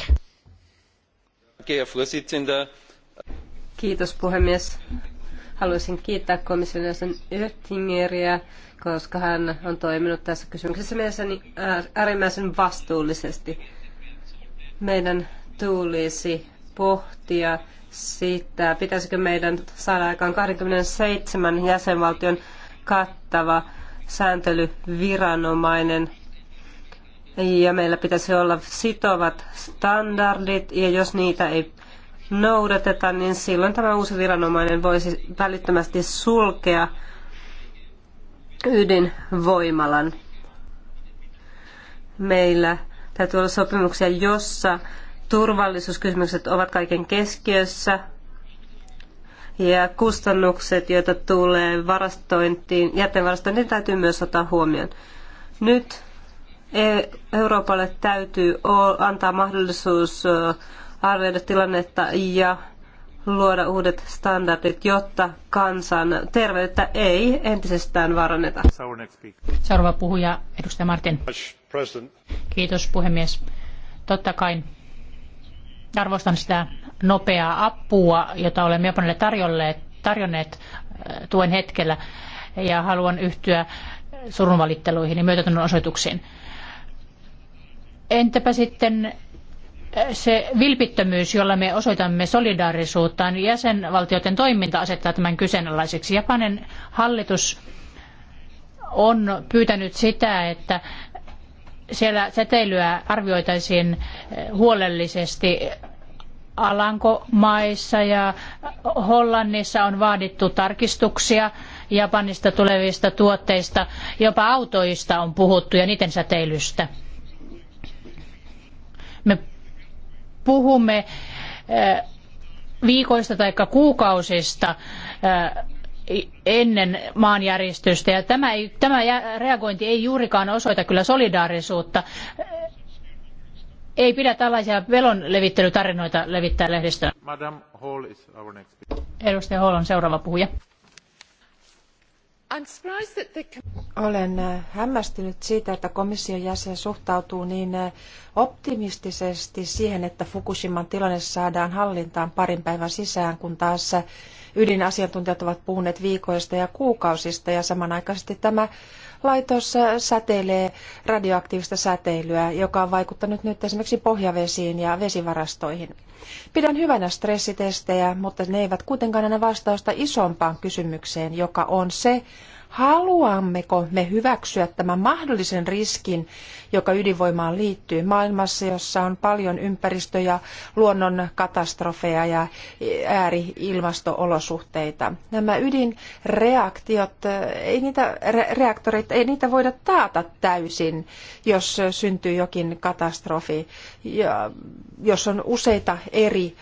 Kiitos puhemies. Haluaisin kiittää komission jäsen Oettingeriä, koska hän on toiminut tässä kysymyksessä mielestäni äärimmäisen vastuullisesti. Meidän tulisi pohtia sitä, pitäisikö meidän saada aikaan kaksikymmentäseitsemän jäsenvaltion kattava sääntelyviranomainen – ja meillä pitäisi olla sitovat standardit ja jos niitä ei noudateta, niin silloin tämä uusi viranomainen voisi välittömästi sulkea ydinvoimalan. Meillä täytyy olla sopimuksia, jossa turvallisuuskysymykset ovat kaiken keskiössä ja kustannukset, joita tulee varastointiin, jätteen varastointiin täytyy myös ottaa huomioon. Nyt E- Euroopalle täytyy antaa mahdollisuus arvioida tilannetta ja luoda uudet standardit, jotta kansan terveyttä ei entisestään varanneta. Seuraava puhuja, edustaja Martin. Kiitos puhemies. Totta kai arvostan sitä nopeaa apua, jota olemme Japanille tarjolleet, tarjonneet tuen hetkellä ja haluan yhtyä surunvalitteluihin ja myötätunnon osoituksiin. Entäpä sitten äh, se vilpittömyys, jolla me osoitamme solidaarisuuttaan, niin jäsenvaltioiden toiminta asettaa tämän kyseenalaiseksi. Japanin hallitus on pyytänyt sitä, että siellä säteilyä arvioitaisiin äh, huolellisesti Alankomaissa ja Hollannissa on vaadittu tarkistuksia Japanista tulevista tuotteista, jopa autoista on puhuttu ja niiden säteilystä. Me puhumme äh, viikoista tai kuukausista äh, ennen maanjäristystä ja tämä, ei, tämä reagointi ei juurikaan osoita kyllä solidaarisuutta. Ei pidä tällaisia velon levittelytarinoita levittää lehdistöön. Edustaja Hall on seuraava puhuja. Olen äh, hämmästynyt siitä, että komission jäsen suhtautuu niin äh, optimistisesti siihen, että Fukushiman tilanne saadaan hallintaan parin päivän sisään, kun taas äh, ydinasiantuntijat ovat puhuneet viikoista ja kuukausista ja samanaikaisesti tämä laitos säteilee radioaktiivista säteilyä, joka on vaikuttanut nyt esimerkiksi pohjavesiin ja vesivarastoihin. Pidän hyvänä stressitestejä, mutta ne eivät kuitenkaan anna vastausta isompaan kysymykseen, joka on se, Haluammeko me hyväksyä tämän mahdollisen riskin, joka ydinvoimaan liittyy maailmassa, jossa on paljon ympäristö- ja luonnonkatastrofeja ja ääriilmastoolosuhteita? Nämä ydinreaktiot, eh, ei niitä, re, reaktorit, ei niitä voida taata täysin, jos syntyy jokin katastrofi, ja, jos on useita eri eh,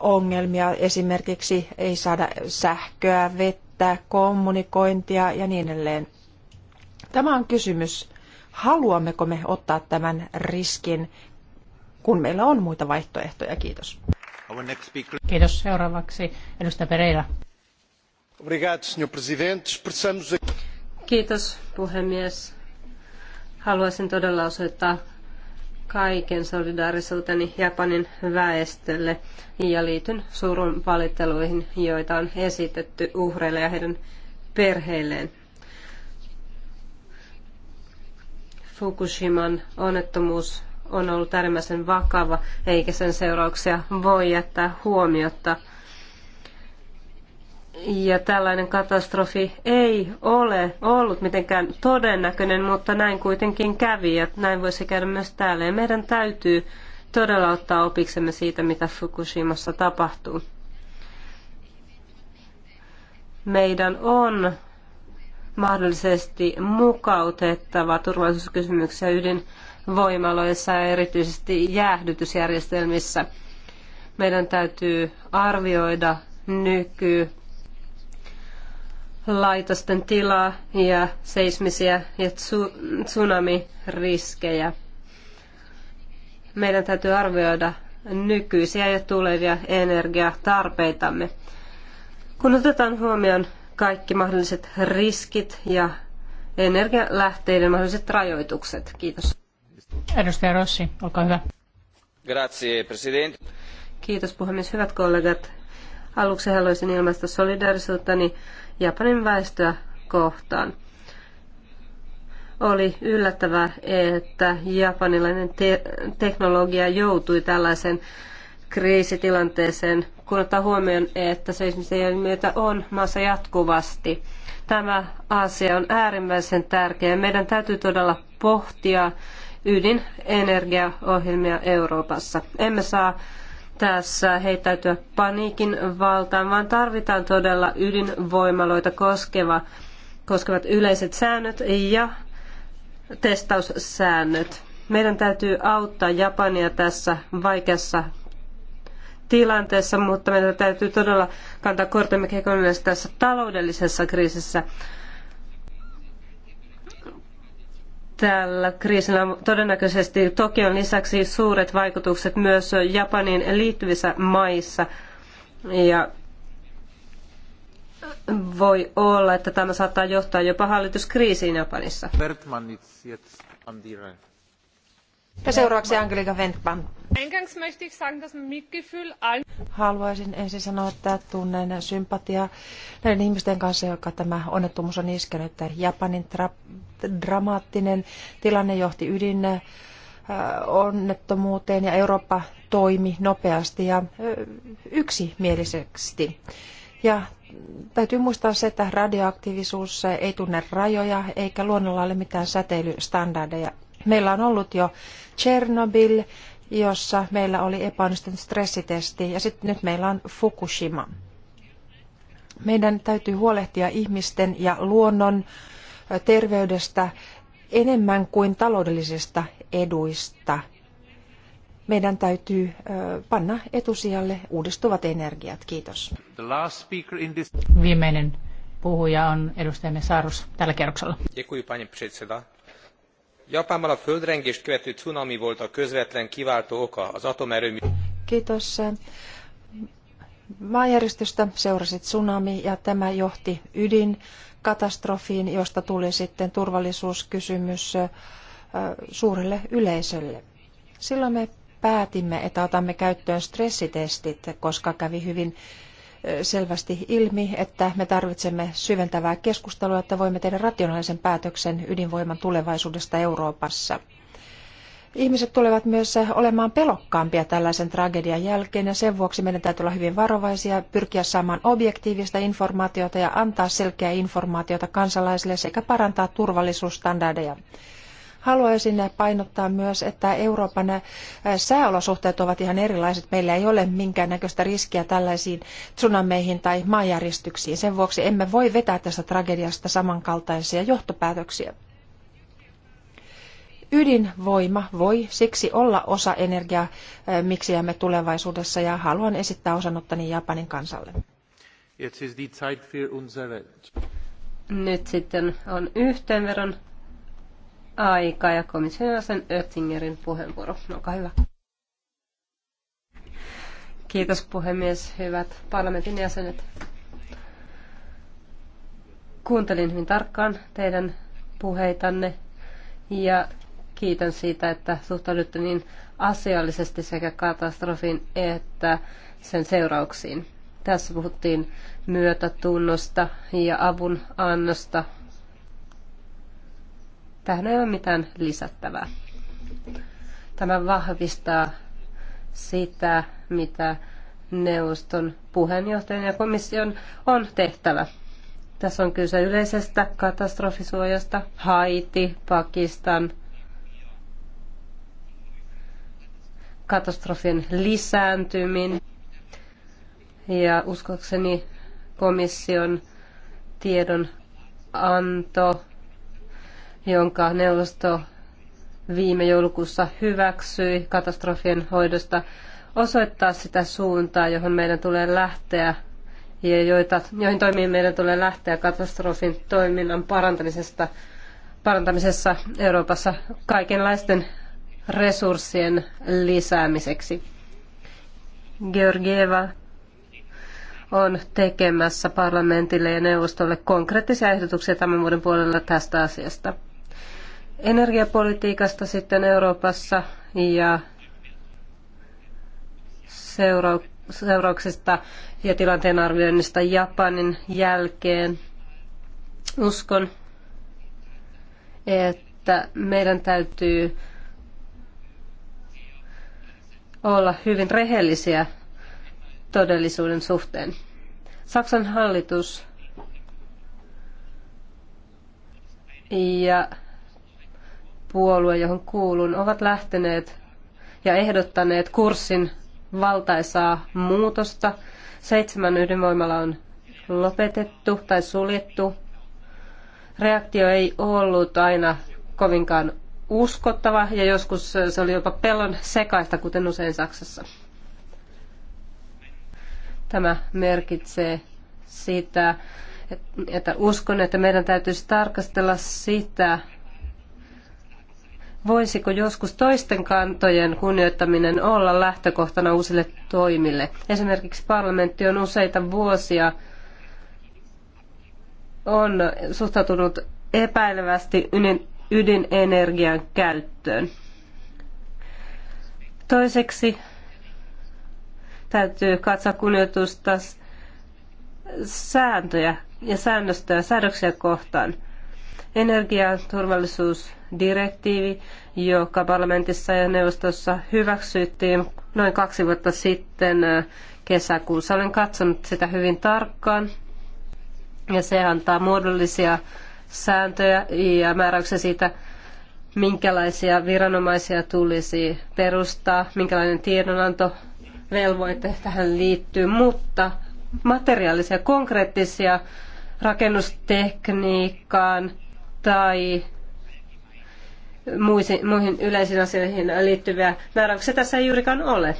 ongelmia, esimerkiksi ei saada sähköä, vettä, kehittää kommunikointia ja niin edelleen. Tämä on kysymys, haluammeko me ottaa tämän riskin, kun meillä on muita vaihtoehtoja. Kiitos. Kiitos. Seuraavaksi edustaja Pereira. Kiitos puhemies. Haluaisin todella osoittaa kaiken solidaarisuuteni Japanin väestölle ja liityn surun valitteluihin, joita on esitetty uhreille ja heidän perheilleen. Fukushiman onnettomuus on ollut äärimmäisen vakava, eikä sen seurauksia voi jättää huomiotta – ja tällainen katastrofi ei ole ollut mitenkään todennäköinen, mutta näin kuitenkin kävi ja näin voisi käydä myös täällä. Ja meidän täytyy todella ottaa opiksemme siitä, mitä Fukushimassa tapahtuu. Meidän on mahdollisesti mukautettava turvallisuuskysymyksiä ydinvoimaloissa ja erityisesti jäähdytysjärjestelmissä. Meidän täytyy arvioida nyky laitosten tilaa ja seismisiä ja tsunamiriskejä. Meidän täytyy arvioida nykyisiä ja tulevia energiatarpeitamme. Kun otetaan huomioon kaikki mahdolliset riskit ja energialähteiden mahdolliset rajoitukset. Kiitos. Edustaja Rossi, olkaa hyvä. Grazie, president. Kiitos puhemies. Hyvät kollegat, aluksi haluaisin ilmaista niin Japanin väestöä kohtaan. Oli yllättävää, että japanilainen te- teknologia joutui tällaisen kriisitilanteeseen, kun ottaa huomioon, että seismisilmiöitä on maassa jatkuvasti. Tämä asia on äärimmäisen tärkeä. Meidän täytyy todella pohtia ydinenergiaohjelmia Euroopassa. Emme saa tässä heittäytyä paniikin valtaan, vaan tarvitaan todella ydinvoimaloita koskeva, koskevat yleiset säännöt ja testaussäännöt. Meidän täytyy auttaa Japania tässä vaikeassa tilanteessa, mutta meidän täytyy todella kantaa kortemme kekoon tässä taloudellisessa kriisissä. Tällä kriisillä on todennäköisesti Tokion lisäksi suuret vaikutukset myös Japaniin liittyvissä maissa. Ja voi olla, että tämä saattaa johtaa jopa hallituskriisiin Japanissa. Bertman, it's, it's Haluaisin ensin sanoa, että tunnen sympatiaa näiden ihmisten kanssa, joka tämä onnettomuus on iskenyt. Japanin dramaattinen tilanne johti ydinonnettomuuteen äh, ja Eurooppa toimi nopeasti ja yksimielisesti. Ja täytyy muistaa se, että radioaktiivisuus ei tunne rajoja eikä luonnolla ole mitään säteilystandardeja Meillä on ollut jo Chernobyl, jossa meillä oli epäonnistunut stressitesti, ja sitten nyt meillä on Fukushima. Meidän täytyy huolehtia ihmisten ja luonnon terveydestä enemmän kuin taloudellisista eduista. Meidän täytyy panna etusijalle uudistuvat energiat. Kiitos. Viimeinen puhuja on edustajamme Saarus tällä kerroksella. Děkuji, pani předseda japánban a földrengést követő cunami volt a közvetlen kiváltó oka az atomerőmű. Kiitos. Maanjärjestystä seurasi tsunami ja tämä johti ydinkatastrofiin, josta tuli sitten turvallisuuskysymys suurelle yleisölle. Silloin me päätimme, että otamme käyttöön stressitestit, koska kävi hyvin selvästi ilmi, että me tarvitsemme syventävää keskustelua, että voimme tehdä rationaalisen päätöksen ydinvoiman tulevaisuudesta Euroopassa. Ihmiset tulevat myös olemaan pelokkaampia tällaisen tragedian jälkeen ja sen vuoksi meidän täytyy olla hyvin varovaisia, pyrkiä saamaan objektiivista informaatiota ja antaa selkeää informaatiota kansalaisille sekä parantaa turvallisuusstandardeja. Haluaisin painottaa myös, että Euroopan äh, sääolosuhteet ovat ihan erilaiset. Meillä ei ole minkäännäköistä riskiä tällaisiin tsunameihin tai maanjäristyksiin. Sen vuoksi emme voi vetää tästä tragediasta samankaltaisia johtopäätöksiä. Ydinvoima voi siksi olla osa energiaa, äh, miksi jäämme tulevaisuudessa ja haluan esittää osanottani Japanin kansalle. Nyt sitten on yhteenveron aika ja komission sen Oettingerin puheenvuoro. Olkaa hyvä. Kiitos puhemies, hyvät parlamentin jäsenet. Kuuntelin hyvin tarkkaan teidän puheitanne ja kiitän siitä, että suhtaudutte niin asiallisesti sekä katastrofin että sen seurauksiin. Tässä puhuttiin myötätunnosta ja avun annosta Tähän ei ole mitään lisättävää. Tämä vahvistaa sitä, mitä neuvoston puheenjohtajan ja komission on tehtävä. Tässä on kyse yleisestä katastrofisuojasta. Haiti, Pakistan, katastrofien lisääntyminen ja uskokseni komission tiedon anto jonka neuvosto viime joulukuussa hyväksyi katastrofien hoidosta, osoittaa sitä suuntaa, johon meidän tulee lähteä ja joita, joihin toimiin meidän tulee lähteä katastrofin toiminnan parantamisesta, parantamisessa Euroopassa kaikenlaisten resurssien lisäämiseksi. Georgieva on tekemässä parlamentille ja neuvostolle konkreettisia ehdotuksia tämän vuoden puolella tästä asiasta energiapolitiikasta sitten Euroopassa ja seura- seurauksista ja tilanteen arvioinnista Japanin jälkeen. Uskon, että meidän täytyy olla hyvin rehellisiä todellisuuden suhteen. Saksan hallitus ja puolue, johon kuulun, ovat lähteneet ja ehdottaneet kurssin valtaisaa muutosta. Seitsemän ydinvoimalla on lopetettu tai suljettu. Reaktio ei ollut aina kovinkaan uskottava ja joskus se oli jopa pelon sekaista, kuten usein Saksassa. Tämä merkitsee sitä, että uskon, että meidän täytyisi tarkastella sitä, Voisiko joskus toisten kantojen kunnioittaminen olla lähtökohtana uusille toimille? Esimerkiksi parlamentti on useita vuosia on suhtautunut epäilevästi ydinenergian käyttöön. Toiseksi täytyy katsoa kunnioitusta sääntöjä ja säännöstöä säädöksiä kohtaan – energiaturvallisuusdirektiivi, joka parlamentissa ja neuvostossa hyväksyttiin noin kaksi vuotta sitten kesäkuussa. Olen katsonut sitä hyvin tarkkaan ja se antaa muodollisia sääntöjä ja määräyksiä siitä, minkälaisia viranomaisia tulisi perustaa, minkälainen tiedonanto velvoite tähän liittyy, mutta materiaalisia, konkreettisia rakennustekniikkaan, tai muihin yleisiin asioihin liittyviä määräyksiä tässä ei juurikaan ole.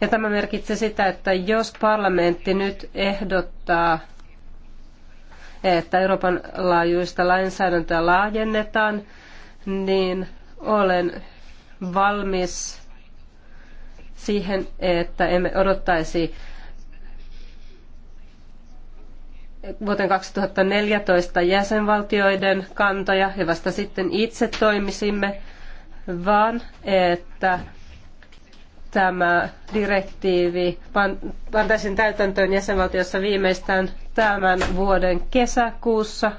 Ja tämä merkitsee sitä, että jos parlamentti nyt ehdottaa, että Euroopan laajuista lainsäädäntöä laajennetaan, niin olen valmis siihen, että emme odottaisi vuoteen 2014 jäsenvaltioiden kantoja ja vasta sitten itse toimisimme, vaan että tämä direktiivi pantaisiin täytäntöön jäsenvaltiossa viimeistään tämän vuoden kesäkuussa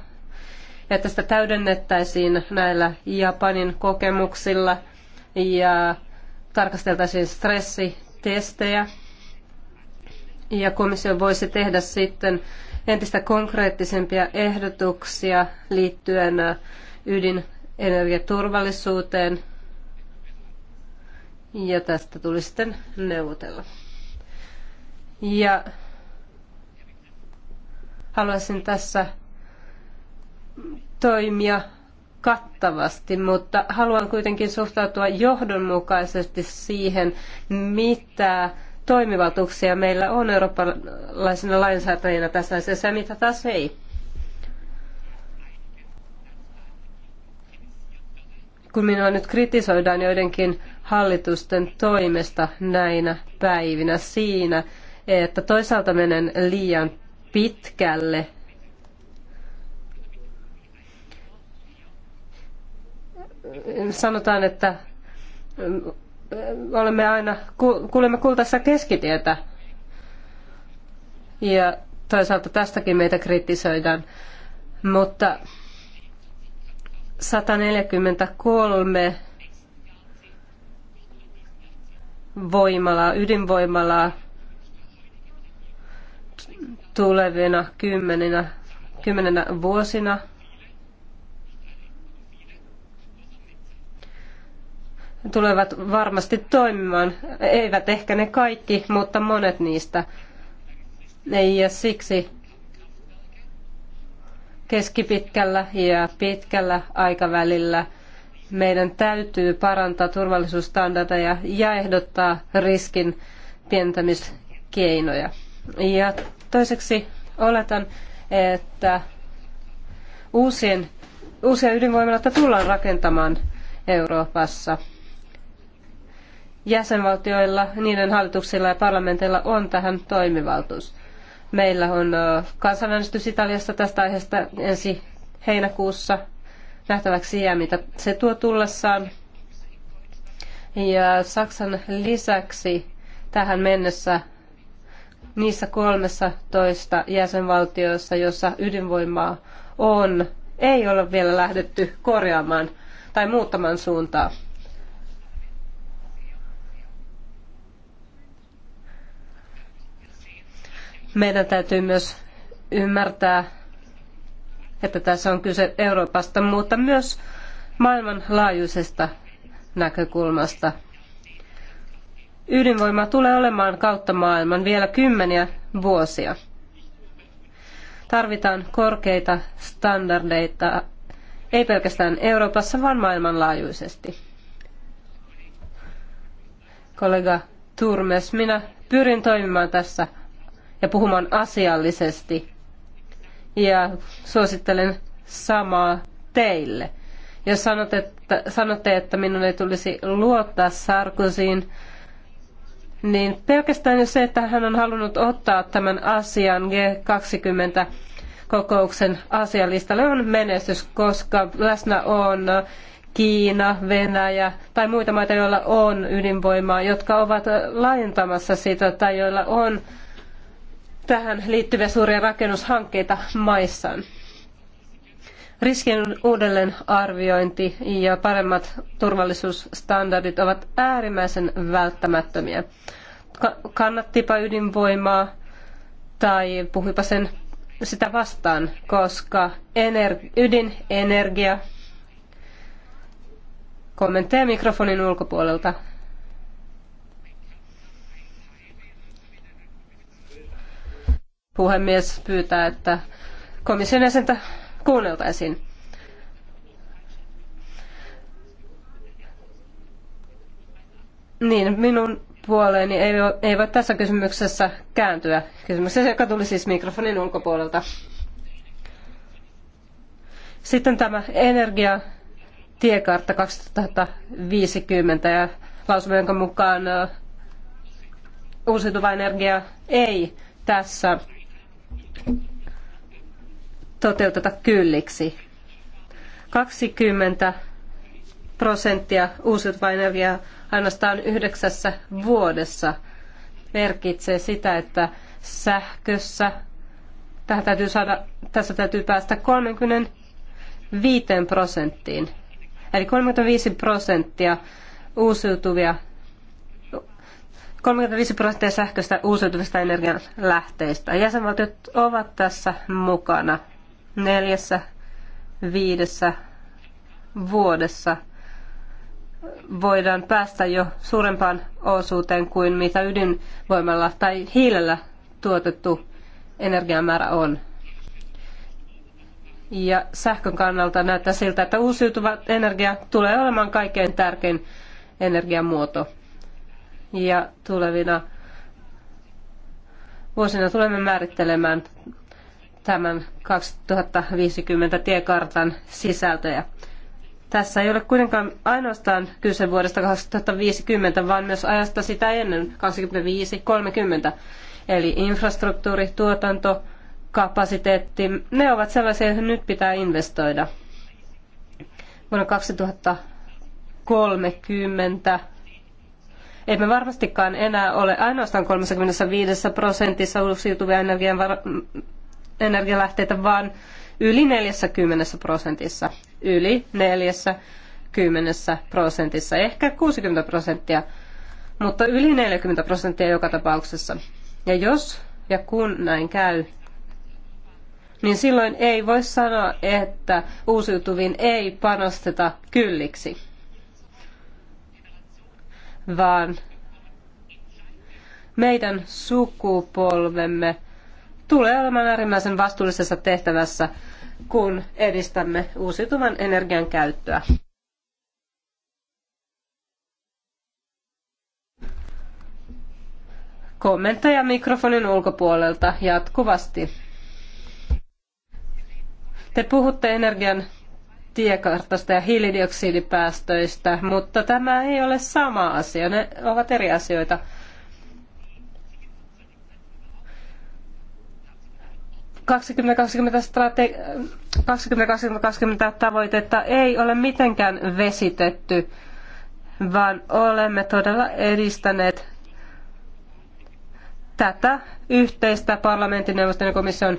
ja että sitä täydennettäisiin näillä Japanin kokemuksilla ja tarkasteltaisiin stressitestejä ja komissio voisi tehdä sitten entistä konkreettisempia ehdotuksia liittyen ydinenergiaturvallisuuteen. Ja tästä tuli sitten neuvotella. Ja haluaisin tässä toimia kattavasti, mutta haluan kuitenkin suhtautua johdonmukaisesti siihen, mitä toimivaltuuksia meillä on eurooppalaisina lainsäätäjinä tässä asiassa ja mitä taas ei. Kun minua nyt kritisoidaan joidenkin hallitusten toimesta näinä päivinä siinä, että toisaalta menen liian pitkälle sanotaan, että olemme aina, kuulemme kultaista keskitietä. Ja toisaalta tästäkin meitä kritisoidaan. Mutta 143 voimalaa, ydinvoimalaa tulevina kymmeninä, kymmenenä vuosina – tulevat varmasti toimimaan. Eivät ehkä ne kaikki, mutta monet niistä. Ja siksi keskipitkällä ja pitkällä aikavälillä meidän täytyy parantaa turvallisuusstandardeja ja ehdottaa riskin pientämiskeinoja. Ja toiseksi oletan, että uusien, uusia ydinvoimaloita tullaan rakentamaan Euroopassa – jäsenvaltioilla, niiden hallituksilla ja parlamenteilla on tähän toimivaltuus. Meillä on kansanäänestys Italiassa tästä aiheesta ensi heinäkuussa nähtäväksi jää, mitä se tuo tullessaan. Ja Saksan lisäksi tähän mennessä niissä 13 jäsenvaltioissa, jossa ydinvoimaa on, ei ole vielä lähdetty korjaamaan tai muuttamaan suuntaa. Meidän täytyy myös ymmärtää, että tässä on kyse Euroopasta, mutta myös maailmanlaajuisesta näkökulmasta. Ydinvoima tulee olemaan kautta maailman vielä kymmeniä vuosia. Tarvitaan korkeita standardeita, ei pelkästään Euroopassa, vaan maailmanlaajuisesti. Kollega Turmes, minä pyrin toimimaan tässä ja puhumaan asiallisesti. Ja suosittelen samaa teille. Jos sanot, että, sanotte, että minun ei tulisi luottaa Sarkoziin, niin pelkästään jo se, että hän on halunnut ottaa tämän asian G20 kokouksen asialistalle on menestys, koska läsnä on Kiina, Venäjä tai muita maita, joilla on ydinvoimaa, jotka ovat laajentamassa sitä tai joilla on tähän liittyviä suuria rakennushankkeita maissaan. Riskien uudelleen arviointi ja paremmat turvallisuusstandardit ovat äärimmäisen välttämättömiä. Kannattipa ydinvoimaa tai puhuipa sen sitä vastaan, koska ener- ydinenergia kommentteja mikrofonin ulkopuolelta puhemies pyytää, että komission jäsentä kuunneltaisiin. Niin, minun puoleeni ei, voi, ei voi tässä kysymyksessä kääntyä. Kysymyksessä, joka tuli siis mikrofonin ulkopuolelta. Sitten tämä energia tiekartta 2050 ja lausuma, jonka mukaan uusiutuva energia ei tässä toteuteta kylliksi. 20 prosenttia uusiutuvaa energiaa ainoastaan yhdeksässä vuodessa merkitsee sitä, että sähkössä tähän täytyy saada, tässä täytyy päästä 35 prosenttiin. Eli 35 prosenttia uusiutuvia 35 prosenttia sähköstä uusiutuvista energianlähteistä. Jäsenvaltiot ovat tässä mukana neljässä, viidessä vuodessa voidaan päästä jo suurempaan osuuteen kuin mitä ydinvoimalla tai hiilellä tuotettu energiamäärä on. Ja sähkön kannalta näyttää siltä, että uusiutuva energia tulee olemaan kaikkein tärkein energiamuoto ja tulevina vuosina tulemme määrittelemään tämän 2050 tiekartan sisältöjä. Tässä ei ole kuitenkaan ainoastaan kyse vuodesta 2050, vaan myös ajasta sitä ennen 25-30. Eli infrastruktuuri, tuotanto, kapasiteetti, ne ovat sellaisia, joihin nyt pitää investoida. Vuonna 2030 emme varmastikaan enää ole ainoastaan 35 prosentissa uusiutuvia energialähteitä, vaan yli 40 prosentissa. Yli 40 prosentissa, ehkä 60 prosenttia, mutta yli 40 prosenttia joka tapauksessa. Ja jos ja kun näin käy, niin silloin ei voi sanoa, että uusiutuviin ei panosteta kylliksi vaan meidän sukupolvemme tulee olemaan äärimmäisen vastuullisessa tehtävässä, kun edistämme uusiutuvan energian käyttöä. kommentteja mikrofonin ulkopuolelta jatkuvasti. Te puhutte energian tiekartasta ja hiilidioksidipäästöistä, mutta tämä ei ole sama asia. Ne ovat eri asioita. strate 2020 tavoitetta ei ole mitenkään vesitetty, vaan olemme todella edistäneet tätä yhteistä parlamentin neuvoston ja komission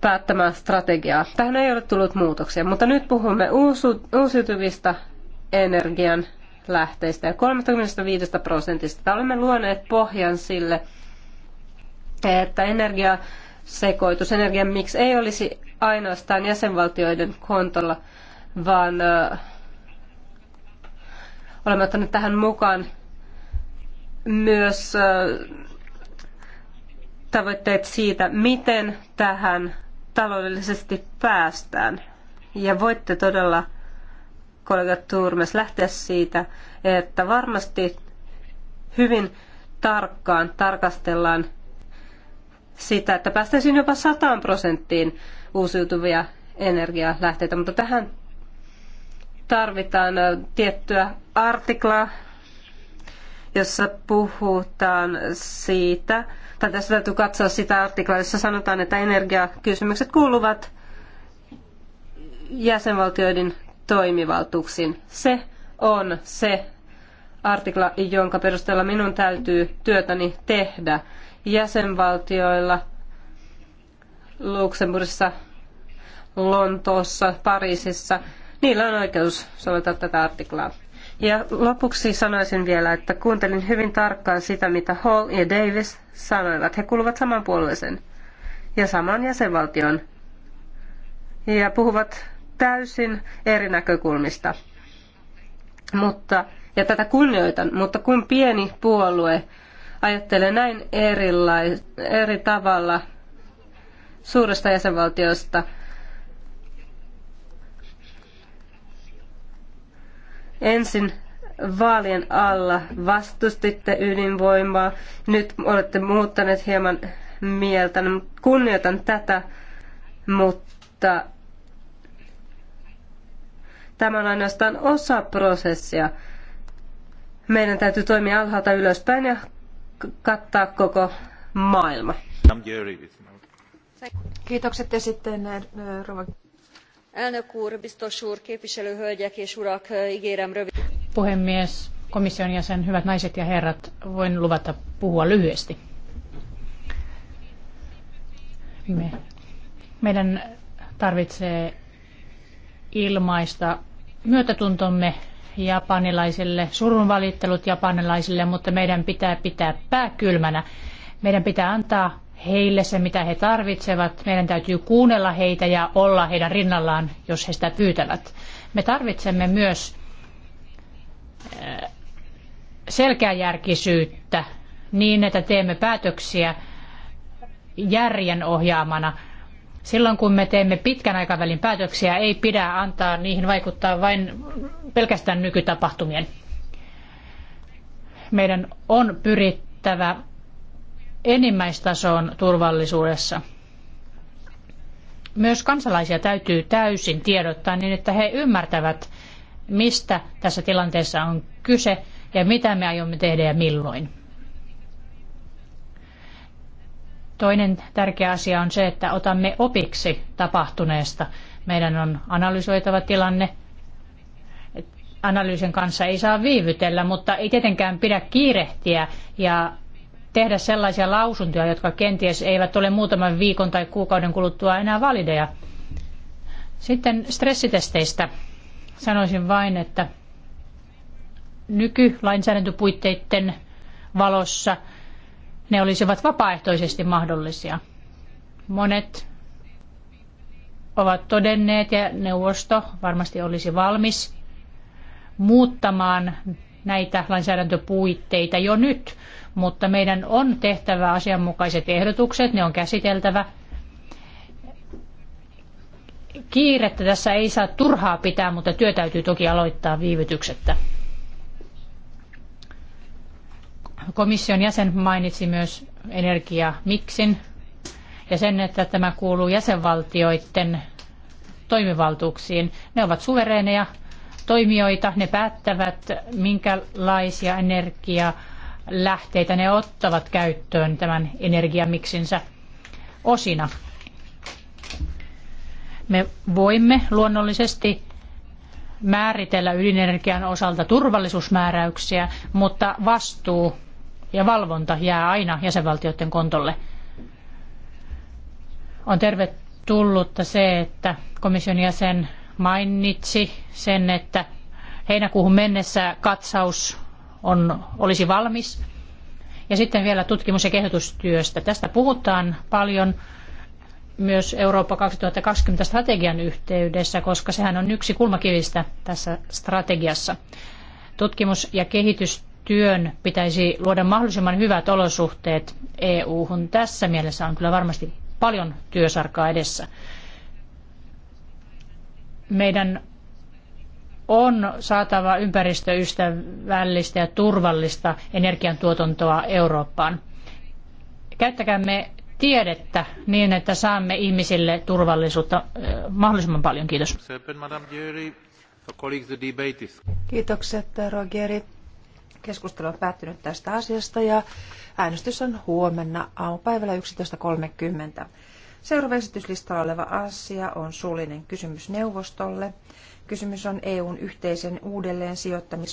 päättämää strategiaa. Tähän ei ole tullut muutoksia, mutta nyt puhumme uusiutuvista energian lähteistä ja 35 prosentista. Olemme luoneet pohjan sille, että energiasekoitus, energian miksi ei olisi ainoastaan jäsenvaltioiden kontolla, vaan äh, olemme ottaneet tähän mukaan myös äh, tavoitteet siitä, miten tähän taloudellisesti päästään. Ja voitte todella, kollega Turmes, lähteä siitä, että varmasti hyvin tarkkaan tarkastellaan sitä, että päästäisiin jopa 100 prosenttiin uusiutuvia energialähteitä, mutta tähän tarvitaan tiettyä artiklaa, jossa puhutaan siitä, tai tässä täytyy katsoa sitä artiklaa, jossa sanotaan, että energiakysymykset kuuluvat jäsenvaltioiden toimivaltuuksiin. Se on se artikla, jonka perusteella minun täytyy työtäni tehdä. Jäsenvaltioilla Luxemburgissa, Lontoossa, Pariisissa, niillä on oikeus soveltaa tätä artiklaa. Ja lopuksi sanoisin vielä, että kuuntelin hyvin tarkkaan sitä, mitä Hall ja Davis sanoivat. He kuuluvat samanpuolueeseen ja samaan jäsenvaltioon ja puhuvat täysin eri näkökulmista. Mutta, ja tätä kunnioitan, mutta kun pieni puolue ajattelee näin eri tavalla suuresta jäsenvaltiosta – Ensin vaalien alla vastustitte ydinvoimaa, nyt olette muuttaneet hieman mieltä. Kunnioitan tätä, mutta tämä on ainoastaan osa prosessia. Meidän täytyy toimia alhaalta ylöspäin ja kattaa koko maailma. Kiitokset ja sitten äh, Rova elnök úr biztos úr képviselő hölgyek és urak gérem rövid. puhemies komission jäsen hyvät naiset ja herrat voin luvata puhua lyhyesti. Me, meidän tarvitsee ilmaista myötätuntomme japanilaisille, surunvalittelut japanilaisille, mutta meidän pitää pitää pää kylmänä. Meidän pitää antaa heille se, mitä he tarvitsevat. Meidän täytyy kuunnella heitä ja olla heidän rinnallaan, jos he sitä pyytävät. Me tarvitsemme myös eh, selkeäjärkisyyttä niin, että teemme päätöksiä järjen ohjaamana. Silloin kun me teemme pitkän aikavälin päätöksiä, ei pidä antaa niihin vaikuttaa vain pelkästään nykytapahtumien. Meidän on pyrittävä enimmäistason turvallisuudessa. Myös kansalaisia täytyy täysin tiedottaa niin, että he ymmärtävät, mistä tässä tilanteessa on kyse ja mitä me aiomme tehdä ja milloin. Toinen tärkeä asia on se, että otamme opiksi tapahtuneesta. Meidän on analysoitava tilanne. Analyysin kanssa ei saa viivytellä, mutta ei tietenkään pidä kiirehtiä ja tehdä sellaisia lausuntoja, jotka kenties eivät ole muutaman viikon tai kuukauden kuluttua enää valideja. Sitten stressitesteistä sanoisin vain, että nykylainsäädäntöpuitteiden valossa ne olisivat vapaaehtoisesti mahdollisia. Monet ovat todenneet ja neuvosto varmasti olisi valmis muuttamaan näitä lainsäädäntöpuitteita jo nyt mutta meidän on tehtävä asianmukaiset ehdotukset, ne on käsiteltävä. Kiirettä tässä ei saa turhaa pitää, mutta työ täytyy toki aloittaa viivytyksettä. Komission jäsen mainitsi myös energiamiksin ja sen, että tämä kuuluu jäsenvaltioiden toimivaltuuksiin. Ne ovat suvereeneja toimijoita, ne päättävät, minkälaisia energiaa lähteitä ne ottavat käyttöön tämän energiamiksinsä osina. Me voimme luonnollisesti määritellä ydinenergian osalta turvallisuusmääräyksiä, mutta vastuu ja valvonta jää aina jäsenvaltioiden kontolle. On tervetullutta se, että komission jäsen mainitsi sen, että heinäkuuhun mennessä katsaus on, olisi valmis. Ja sitten vielä tutkimus- ja kehitystyöstä. Tästä puhutaan paljon myös Eurooppa 2020 strategian yhteydessä, koska sehän on yksi kulmakivistä tässä strategiassa. Tutkimus- ja kehitystyön pitäisi luoda mahdollisimman hyvät olosuhteet EU-hun. Tässä mielessä on kyllä varmasti paljon työsarkaa edessä. Meidän on saatava ympäristöystävällistä ja turvallista energiantuotantoa Eurooppaan. Käyttäkäämme tiedettä niin, että saamme ihmisille turvallisuutta mahdollisimman paljon. Kiitos. Kiitokset, Rogeri. Keskustelu on päättynyt tästä asiasta ja äänestys on huomenna aamupäivällä 11.30. Seuraava esityslistalla oleva asia on suullinen kysymys neuvostolle. Kysymys on EUn yhteisen uudelleen sijoittamis